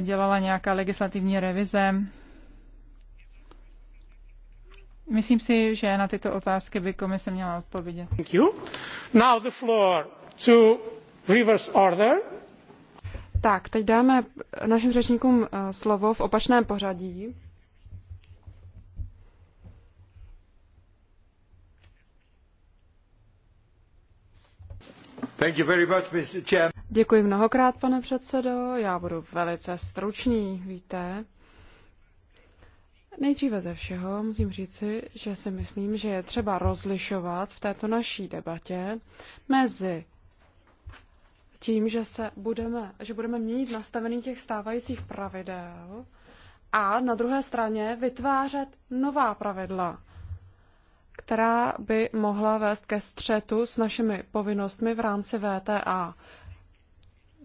dělala nějaká legislativní revize? Myslím si, že na tyto otázky by komise měla odpovědět. Thank you. Now the floor to reverse order. Tak, teď dáme našim řečníkům eh, slovo v opačném pořadí. Thank you very much, Mr. Chairman. Děkuji mnohokrát, pane předsedo. Já budu velice stručný, víte. Nejdříve ze všeho musím říci, že si myslím, že je třeba rozlišovat v této naší debatě mezi tím, že, se budeme, že budeme měnit nastavení těch stávajících pravidel a na druhé straně vytvářet nová pravidla, která by mohla vést ke střetu s našimi povinnostmi v rámci VTA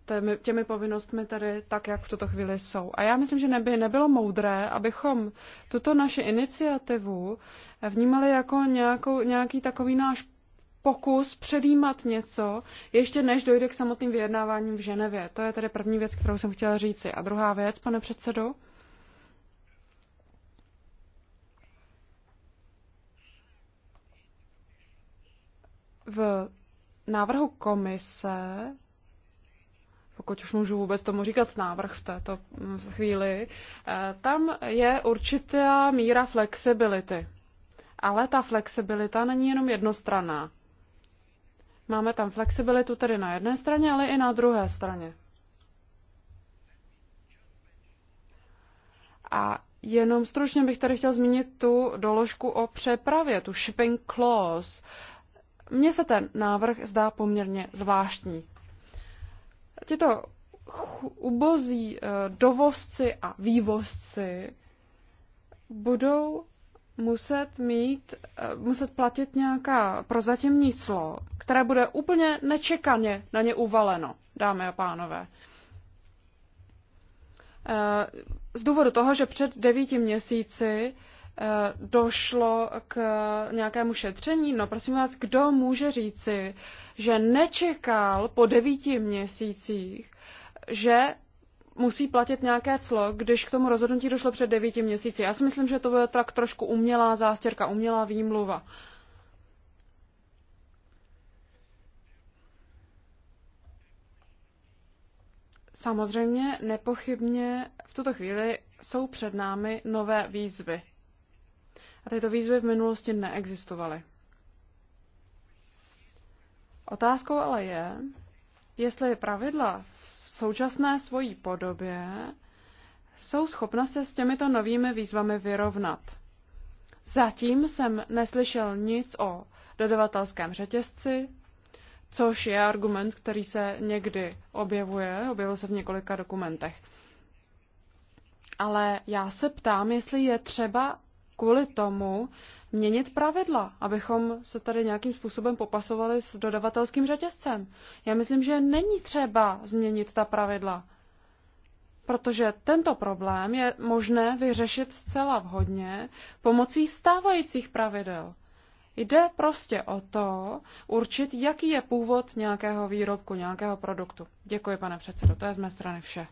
těmi, těmi povinnostmi tady tak, jak v tuto chvíli jsou. A já myslím, že neby nebylo moudré, abychom tuto naši iniciativu vnímali jako nějakou, nějaký takový náš pokus předjímat něco, ještě než dojde k samotným vyjednáváním v Ženevě. To je tedy první věc, kterou jsem chtěla říci. A druhá věc, pane předsedo? V návrhu komise pokud už můžu vůbec tomu říkat návrh v této chvíli, eh, tam je určitá míra flexibility. Ale ta flexibilita není jenom jednostranná. Máme tam flexibilitu tedy na jedné straně, ale i na druhé straně. A jenom stručně bych tady chtěl zmínit tu doložku o přepravě, tu shipping clause. Mně se ten návrh zdá poměrně zvláštní. Tito ubozí eh, dovozci a vývozci budou muset mít, eh, muset platit nějaká prozatímní clo, které bude úplně nečekaně na ně uvaleno, dámy a pánové. Eh, z důvodu toho, že před devíti měsíci Eh, došlo k nějakému šetření. No prosím vás, kdo může říci, že nečekal po devíti měsících, že musí platit nějaké clo, když k tomu rozhodnutí došlo před devíti měsíci. Já si myslím, že to bude tak trošku umělá zástěrka, umělá výmluva. Samozřejmě, nepochybně, v tuto chvíli jsou před námi nové výzvy. A tyto výzvy v minulosti neexistovaly. Otázkou ale je, jestli pravidla v současné svojí podobě jsou schopna se s těmito novými výzvami vyrovnat. Zatím jsem neslyšel nic o dodavatelském řetězci, což je argument, který se někdy objevuje, objevil se v několika dokumentech. Ale já se ptám, jestli je třeba kvůli tomu měnit pravidla, abychom se tady nějakým způsobem popasovali s dodavatelským řetězcem. Já myslím, že není třeba změnit ta pravidla, protože tento problém je možné vyřešit zcela vhodně pomocí stávajících pravidel. Jde prostě o to určit, jaký je původ nějakého výrobku, nějakého produktu. Děkuji, pane předsedo, to je z mé strany vše.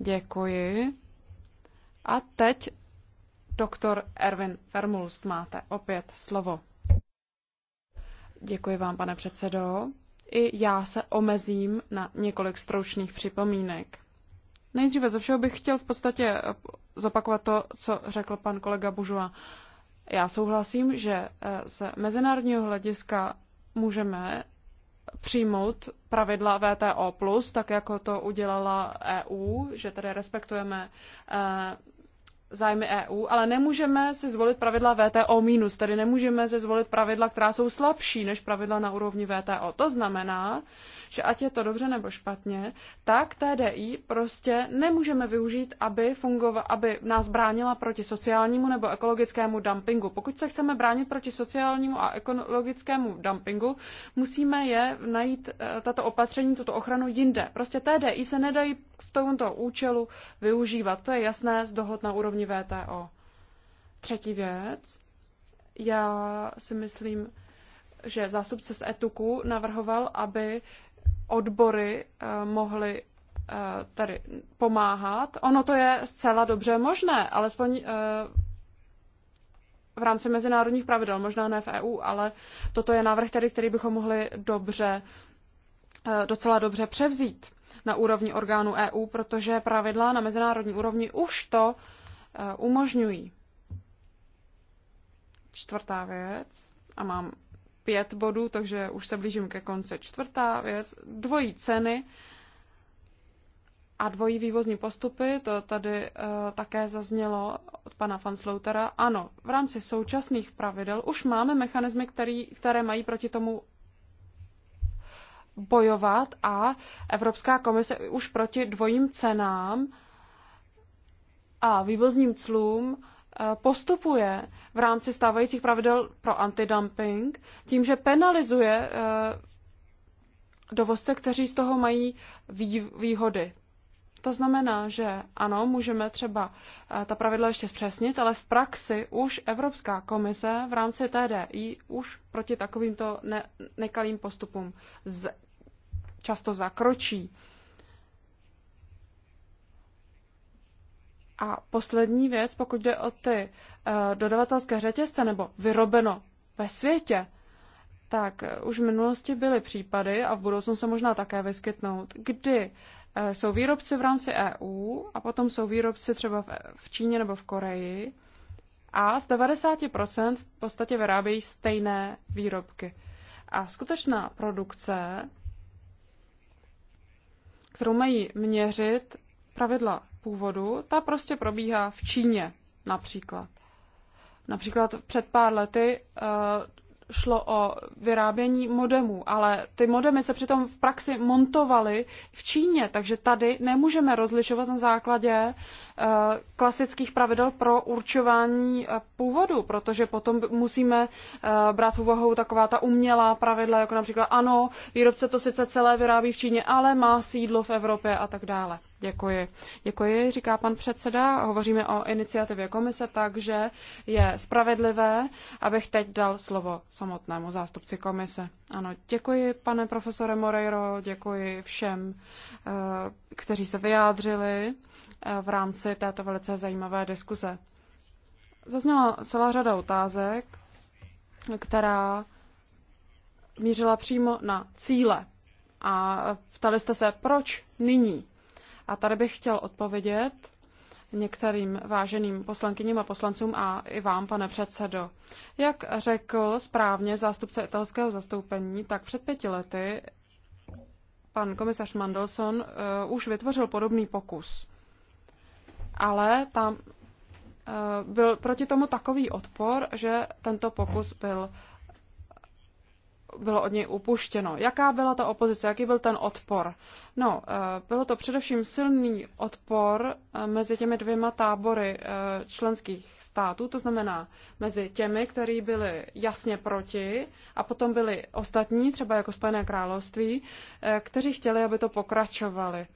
Děkuji. A teď Doktor Erwin Fermulst, máte opět slovo. Děkuji vám, pane předsedo. I já se omezím na několik stručných připomínek. Nejdříve ze všeho bych chtěl v podstatě zopakovat to, co řekl pan kolega Bužova. Já souhlasím, že eh, z mezinárodního hlediska můžeme přijmout pravidla VTO+, tak jako to udělala EU, že tady respektujeme eh, zájmy EU, ale nemůžeme si zvolit pravidla VTO minus, tedy nemůžeme si zvolit pravidla, která jsou slabší než pravidla na úrovni VTO. To znamená, že ať je to dobře nebo špatně, tak TDI prostě nemůžeme využít, aby, fungova, aby nás bránila proti sociálnímu nebo ekologickému dumpingu. Pokud se chceme bránit proti sociálnímu a ekologickému dumpingu, musíme je najít eh, tato opatření, tuto ochranu jinde. Prostě TDI se nedají v tomto účelu využívat. To je jasné z dohod na úrovni VTO. Třetí věc, já si myslím, že zástupce z ETUKu navrhoval, aby odbory eh, mohly eh, tady pomáhat. Ono to je zcela dobře možné, alespoň eh, v rámci mezinárodních pravidel, možná ne v EU, ale toto je návrh tedy, který bychom mohli dobře, docela dobře převzít na úrovni orgánů EU, protože pravidla na mezinárodní úrovni už to eh, umožňují. Čtvrtá věc, a mám pět bodů, takže už se blížím ke konci. Čtvrtá věc, dvojí ceny a dvojí vývozní postupy, to tady uh, také zaznělo od pana Fansloutera. Ano, v rámci současných pravidel už máme mechanismy, který, které mají proti tomu bojovat a Evropská komise už proti dvojím cenám a vývozním clům eh, postupuje v rámci stávajících pravidel pro antidumping tím, že penalizuje eh, dovozce, kteří z toho mají výhody. To znamená, že ano, můžeme třeba eh, ta pravidla ještě zpřesnit, ale v praxi už Evropská komise v rámci TDI už proti takovýmto ne- nekalým postupům z- často zakročí. A poslední věc, pokud jde o ty eh, dodavatelské řetězce nebo vyrobeno ve světě, tak eh, už v minulosti byly případy a v budoucnu se možná také vyskytnout, kdy eh, jsou výrobci v rámci EU a potom jsou výrobci třeba v Číně nebo v Koreji a z 90% v podstatě vyrábějí stejné výrobky. A skutečná produkce kterou mají měřit pravidla původu, ta prostě probíhá v Číně například. Například před pár lety eh, šlo o vyrábění modemů, ale ty modemy se přitom v praxi montovaly v Číně, takže tady nemůžeme rozlišovat na základě Eh, klasických pravidel pro určování eh, původu, protože potom musíme eh, brát v úvahu taková ta umělá pravidla, jako například ano, výrobce to sice celé vyrábí v Číně, ale má sídlo v Evropě a tak dále. Děkuji. Děkuji, říká pan předseda. Hovoříme o iniciativě komise, takže je spravedlivé, abych teď dal slovo samotnému zástupci komise. Ano, děkuji, pane profesore Moreiro, děkuji všem, kteří se vyjádřili. Eh, v rámci této velice zajímavé diskuze. Zazněla celá řada otázek, která mířila přímo na cíle. A ptali jste se, proč nyní? A tady bych chtěl odpovědět některým váženým poslankyním a poslancům a i vám, pane předsedo. Jak řekl správně zástupce italského zastoupení, tak před pěti lety pan komisař Mandelson uh, už vytvořil podobný pokus ale tam eh, byl proti tomu takový odpor, že tento pokus byl bylo od něj upuštěno. Jaká byla ta opozice, jaký byl ten odpor? No, eh, bylo to především silný odpor eh, mezi těmi dvěma tábory členských států, to znamená mezi těmi, kteří byli jasně proti, a potom byli ostatní, třeba jako Spojené království, kteří chtěli, aby to pokračovali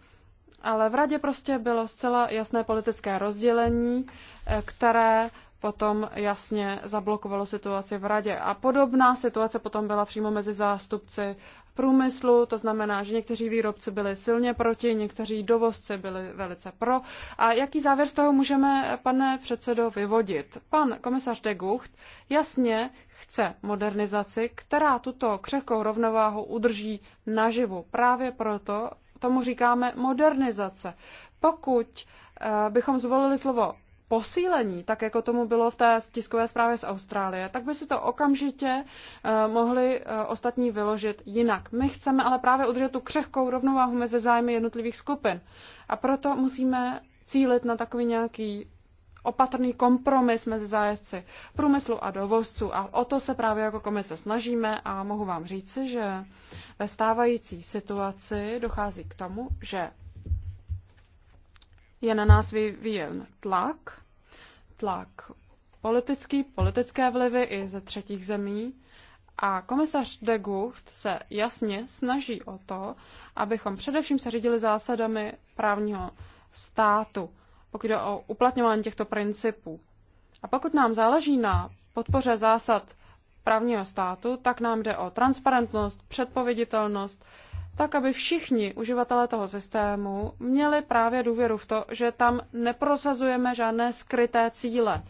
ale v radě prostě bylo zcela jasné politické rozdělení, eh, které potom jasně zablokovalo situaci v radě. A podobná situace potom byla přímo mezi zástupci průmyslu, to znamená, že někteří výrobci byli silně proti, někteří dovozci byli velice pro. A jaký závěr z toho můžeme, eh, pane předsedo, vyvodit? Pan komisař de Gucht jasně chce modernizaci, která tuto křehkou rovnováhu udrží naživu právě proto, tomu říkáme modernizace. Pokud eh, bychom zvolili slovo posílení, tak jako tomu bylo v té tiskové zprávě z Austrálie, tak by si to okamžitě eh, mohli eh, ostatní vyložit jinak. My chceme ale právě udržet tu křehkou rovnováhu mezi zájmy jednotlivých skupin. A proto musíme cílit na takový nějaký opatrný kompromis mezi zájezdci průmyslu a dovozců. A o to se právě jako komise snažíme a mohu vám říci, že ve stávající situaci dochází k tomu, že je na nás vyvíjen tlak, tlak politický, politické vlivy i ze třetích zemí. A komisař de Gucht se jasně snaží o to, abychom především se řídili zásadami právního státu pokud jde o uplatňování těchto principů. A pokud nám záleží na podpoře zásad právního státu, tak nám jde o transparentnost, předpověditelnost, tak aby všichni uživatelé toho systému měli právě důvěru v to, že tam neprosazujeme žádné skryté cíle,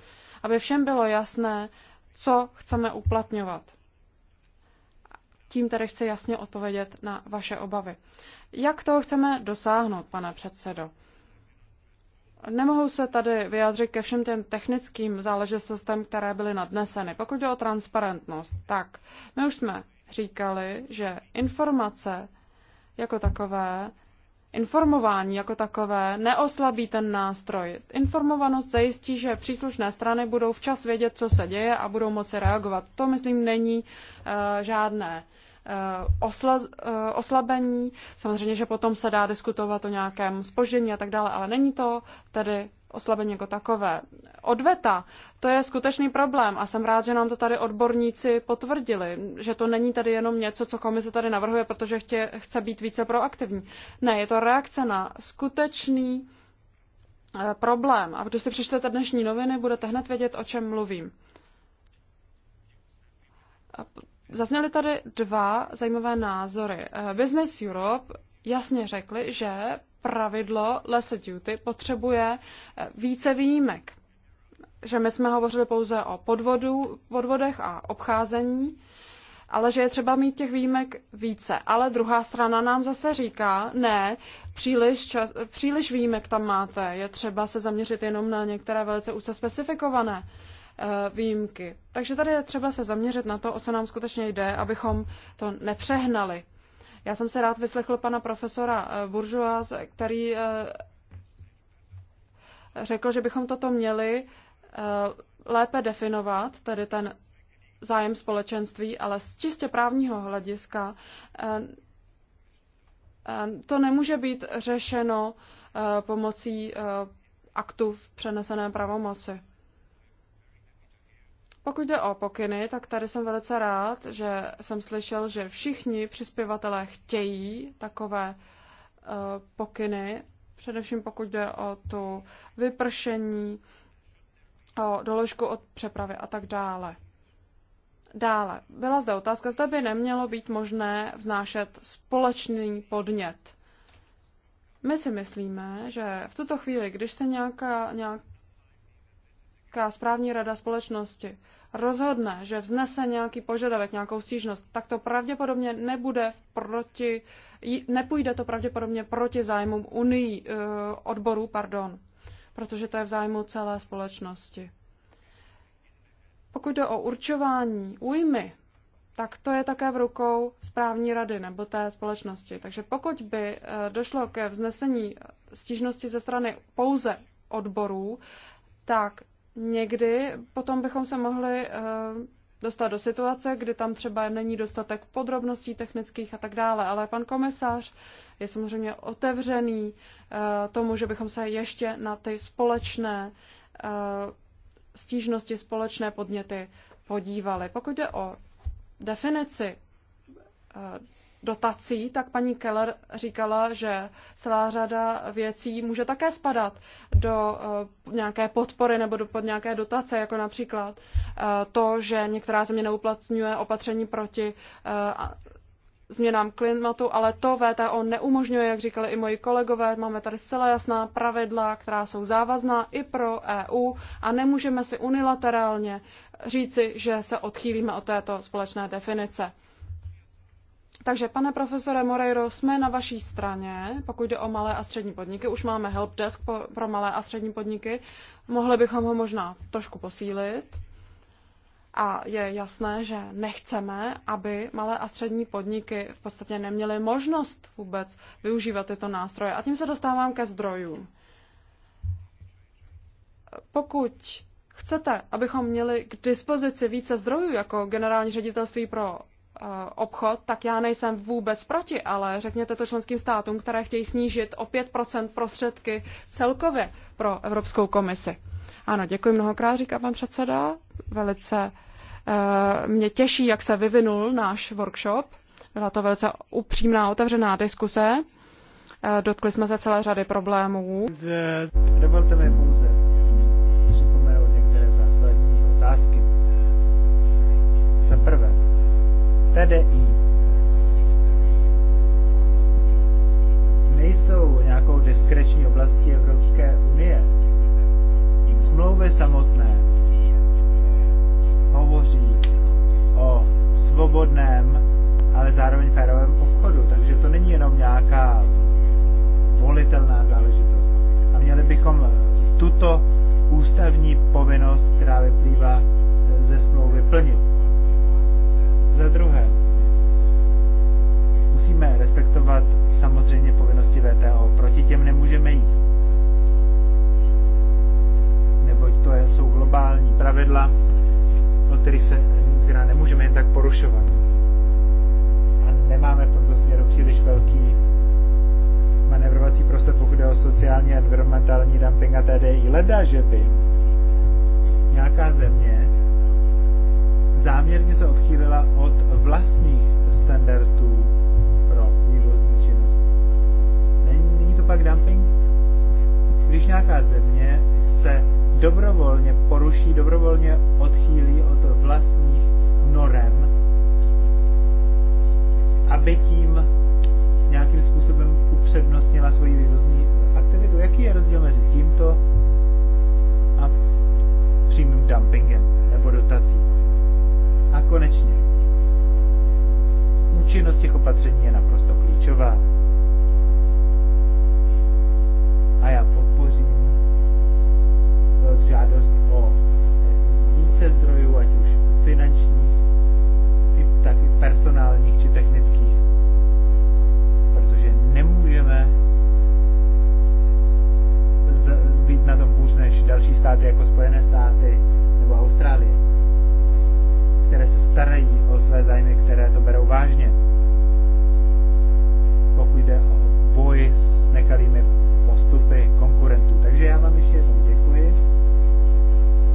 aby všem bylo jasné, co chceme uplatňovat. Tím tedy chci jasně odpovědět na vaše obavy. Jak toho chceme dosáhnout, pane předsedo? Nemohu se tady vyjádřit ke všem těm technickým záležitostem, které byly nadneseny. Pokud jde o transparentnost, tak my už jsme říkali, že informace jako takové, informování jako takové neoslabí ten nástroj. Informovanost zajistí, že příslušné strany budou včas vědět, co se děje a budou moci reagovat. To, myslím, není uh, žádné Eh, osla, eh, oslabení. Samozřejmě, že potom se dá diskutovat o nějakém spožení a tak dále, ale není to tedy oslabení jako takové. Odveta, to je skutečný problém a jsem rád, že nám to tady odborníci potvrdili, že to není tady jenom něco, co komise tady navrhuje, protože chtě, chce být více proaktivní. Ne, je to reakce na skutečný eh, problém. A když si přečtete dnešní noviny, budete hned vědět, o čem mluvím. Zazněly tady dva zajímavé názory. Eh, Business Europe jasně řekli, že pravidlo lesser duty potřebuje eh, více výjimek. Že my jsme hovořili pouze o podvodu, podvodech a obcházení, ale že je třeba mít těch výjimek více. Ale druhá strana nám zase říká, ne, příliš, čas, příliš výjimek tam máte, je třeba se zaměřit jenom na některé velice úzce specifikované Eh, výjimky. Takže tady je třeba se zaměřit na to, o co nám skutečně jde, abychom to nepřehnali. Já jsem se rád vyslechl pana profesora eh, Buržua, který eh, řekl, že bychom toto měli lépe definovat, tedy ten zájem společenství, ale z čistě právního hlediska to nemůže být řešeno pomocí aktu v přenesené pravomoci. Pokud jde o pokyny, tak tady jsem velice rád, že jsem slyšel, že všichni přispěvatelé chtějí takové e, pokyny, především pokud jde o tu vypršení, o doložku od přepravy a tak dále. Dále, byla zde otázka, zda by nemělo být možné vznášet společný podnět. My si myslíme, že v tuto chvíli, když se nějaká, nějak, nějaká správní rada společnosti rozhodne, že vznese nějaký požadavek, nějakou stížnost, tak to pravděpodobně nebude proti, nepůjde to pravděpodobně proti zájmům unii, eh, odborů, pardon, protože to je v zájmu celé společnosti. Pokud jde o určování újmy, tak to je také v rukou správní rady nebo té společnosti. Takže pokud by eh, došlo ke vznesení stížnosti ze strany pouze odborů, tak někdy potom bychom se mohli eh, dostat do situace, kdy tam třeba není dostatek podrobností technických a tak dále. Ale pan komisář je samozřejmě otevřený eh, tomu, že bychom se ještě na ty společné eh, stížnosti, společné podněty podívali. Pokud jde o definici dotací, tak paní Keller říkala, že celá řada věcí může také spadat do eh, nějaké podpory nebo do, pod nějaké dotace, jako například eh, to, že některá země neuplatňuje opatření proti eh, změnám klimatu, ale to VTO neumožňuje, jak říkali i moji kolegové. Máme tady zcela jasná pravidla, která jsou závazná i pro EU a nemůžeme si unilaterálně říci, že se odchýlíme od této společné definice. Takže, pane profesore Moreiro, jsme na vaší straně, pokud jde o malé a střední podniky. Už máme helpdesk pro malé a střední podniky. Mohli bychom ho možná trošku posílit. A je jasné, že nechceme, aby malé a střední podniky v podstatě neměly možnost vůbec využívat tyto nástroje. A tím se dostávám ke zdrojům. Pokud chcete, abychom měli k dispozici více zdrojů jako generální ředitelství pro Eh, obchod, tak já nejsem vůbec proti, ale řekněte to členským státům, které chtějí snížit o 5% prostředky celkově pro Evropskou komisi. Ano, děkuji mnohokrát, říká pan předseda. Velice eh, mě těší, jak se vyvinul náš workshop. Byla to velice upřímná, otevřená diskuse. Eh, dotkli jsme se celé řady problémů. Dovolte mi pouze TDI nejsou nějakou diskreční oblastí Evropské unie. Smlouvy samotné hovoří o svobodném, ale zároveň férovém obchodu, takže to není jenom nějaká volitelná záležitost. A měli bychom tuto ústavní povinnost, která vyplývá ze smlouvy, plnit. Za druhé, musíme respektovat samozřejmě povinnosti VTO. Proti těm nemůžeme jít. Neboť to jsou globální pravidla, o kterých se, která nemůžeme jen tak porušovat. A nemáme v tomto směru příliš velký manevrovací prostor, pokud je o sociální a environmentální dumping a TDI. Leda, že by nějaká země záměrně se odchýlila od vlastních standardů pro vývozní činnost. Není, není to pak dumping? Když nějaká země se dobrovolně poruší, dobrovolně odchýlí od vlastních norem, aby tím nějakým způsobem upřednostnila svoji vývozní aktivitu. Jaký je rozdíl mezi tímto a přímým dumpingem nebo dotací? A konečně, účinnost těch opatření je naprosto klíčová. A já podpořím eh, žádost o eh, více zdrojů, ať už finančních, i tak i personálních či technických. Protože nemůžeme z, být na tom hůř než další státy jako Spojené státy nebo Austrálie které se starají o své zájmy, které to berou vážně. Pokud jde o boj s nekalými postupy konkurentů. Takže já vám ještě jednou děkuji.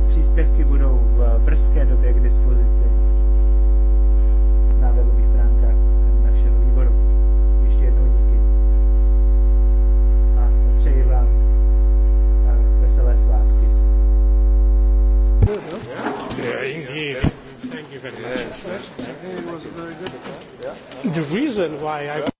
Příspěvky budou v brzké době k dispozici na webových stránkách našeho výboru. Ještě jednou díky. A přeji vám eh, veselé svátky you very much. Yes, yes. It The reason why I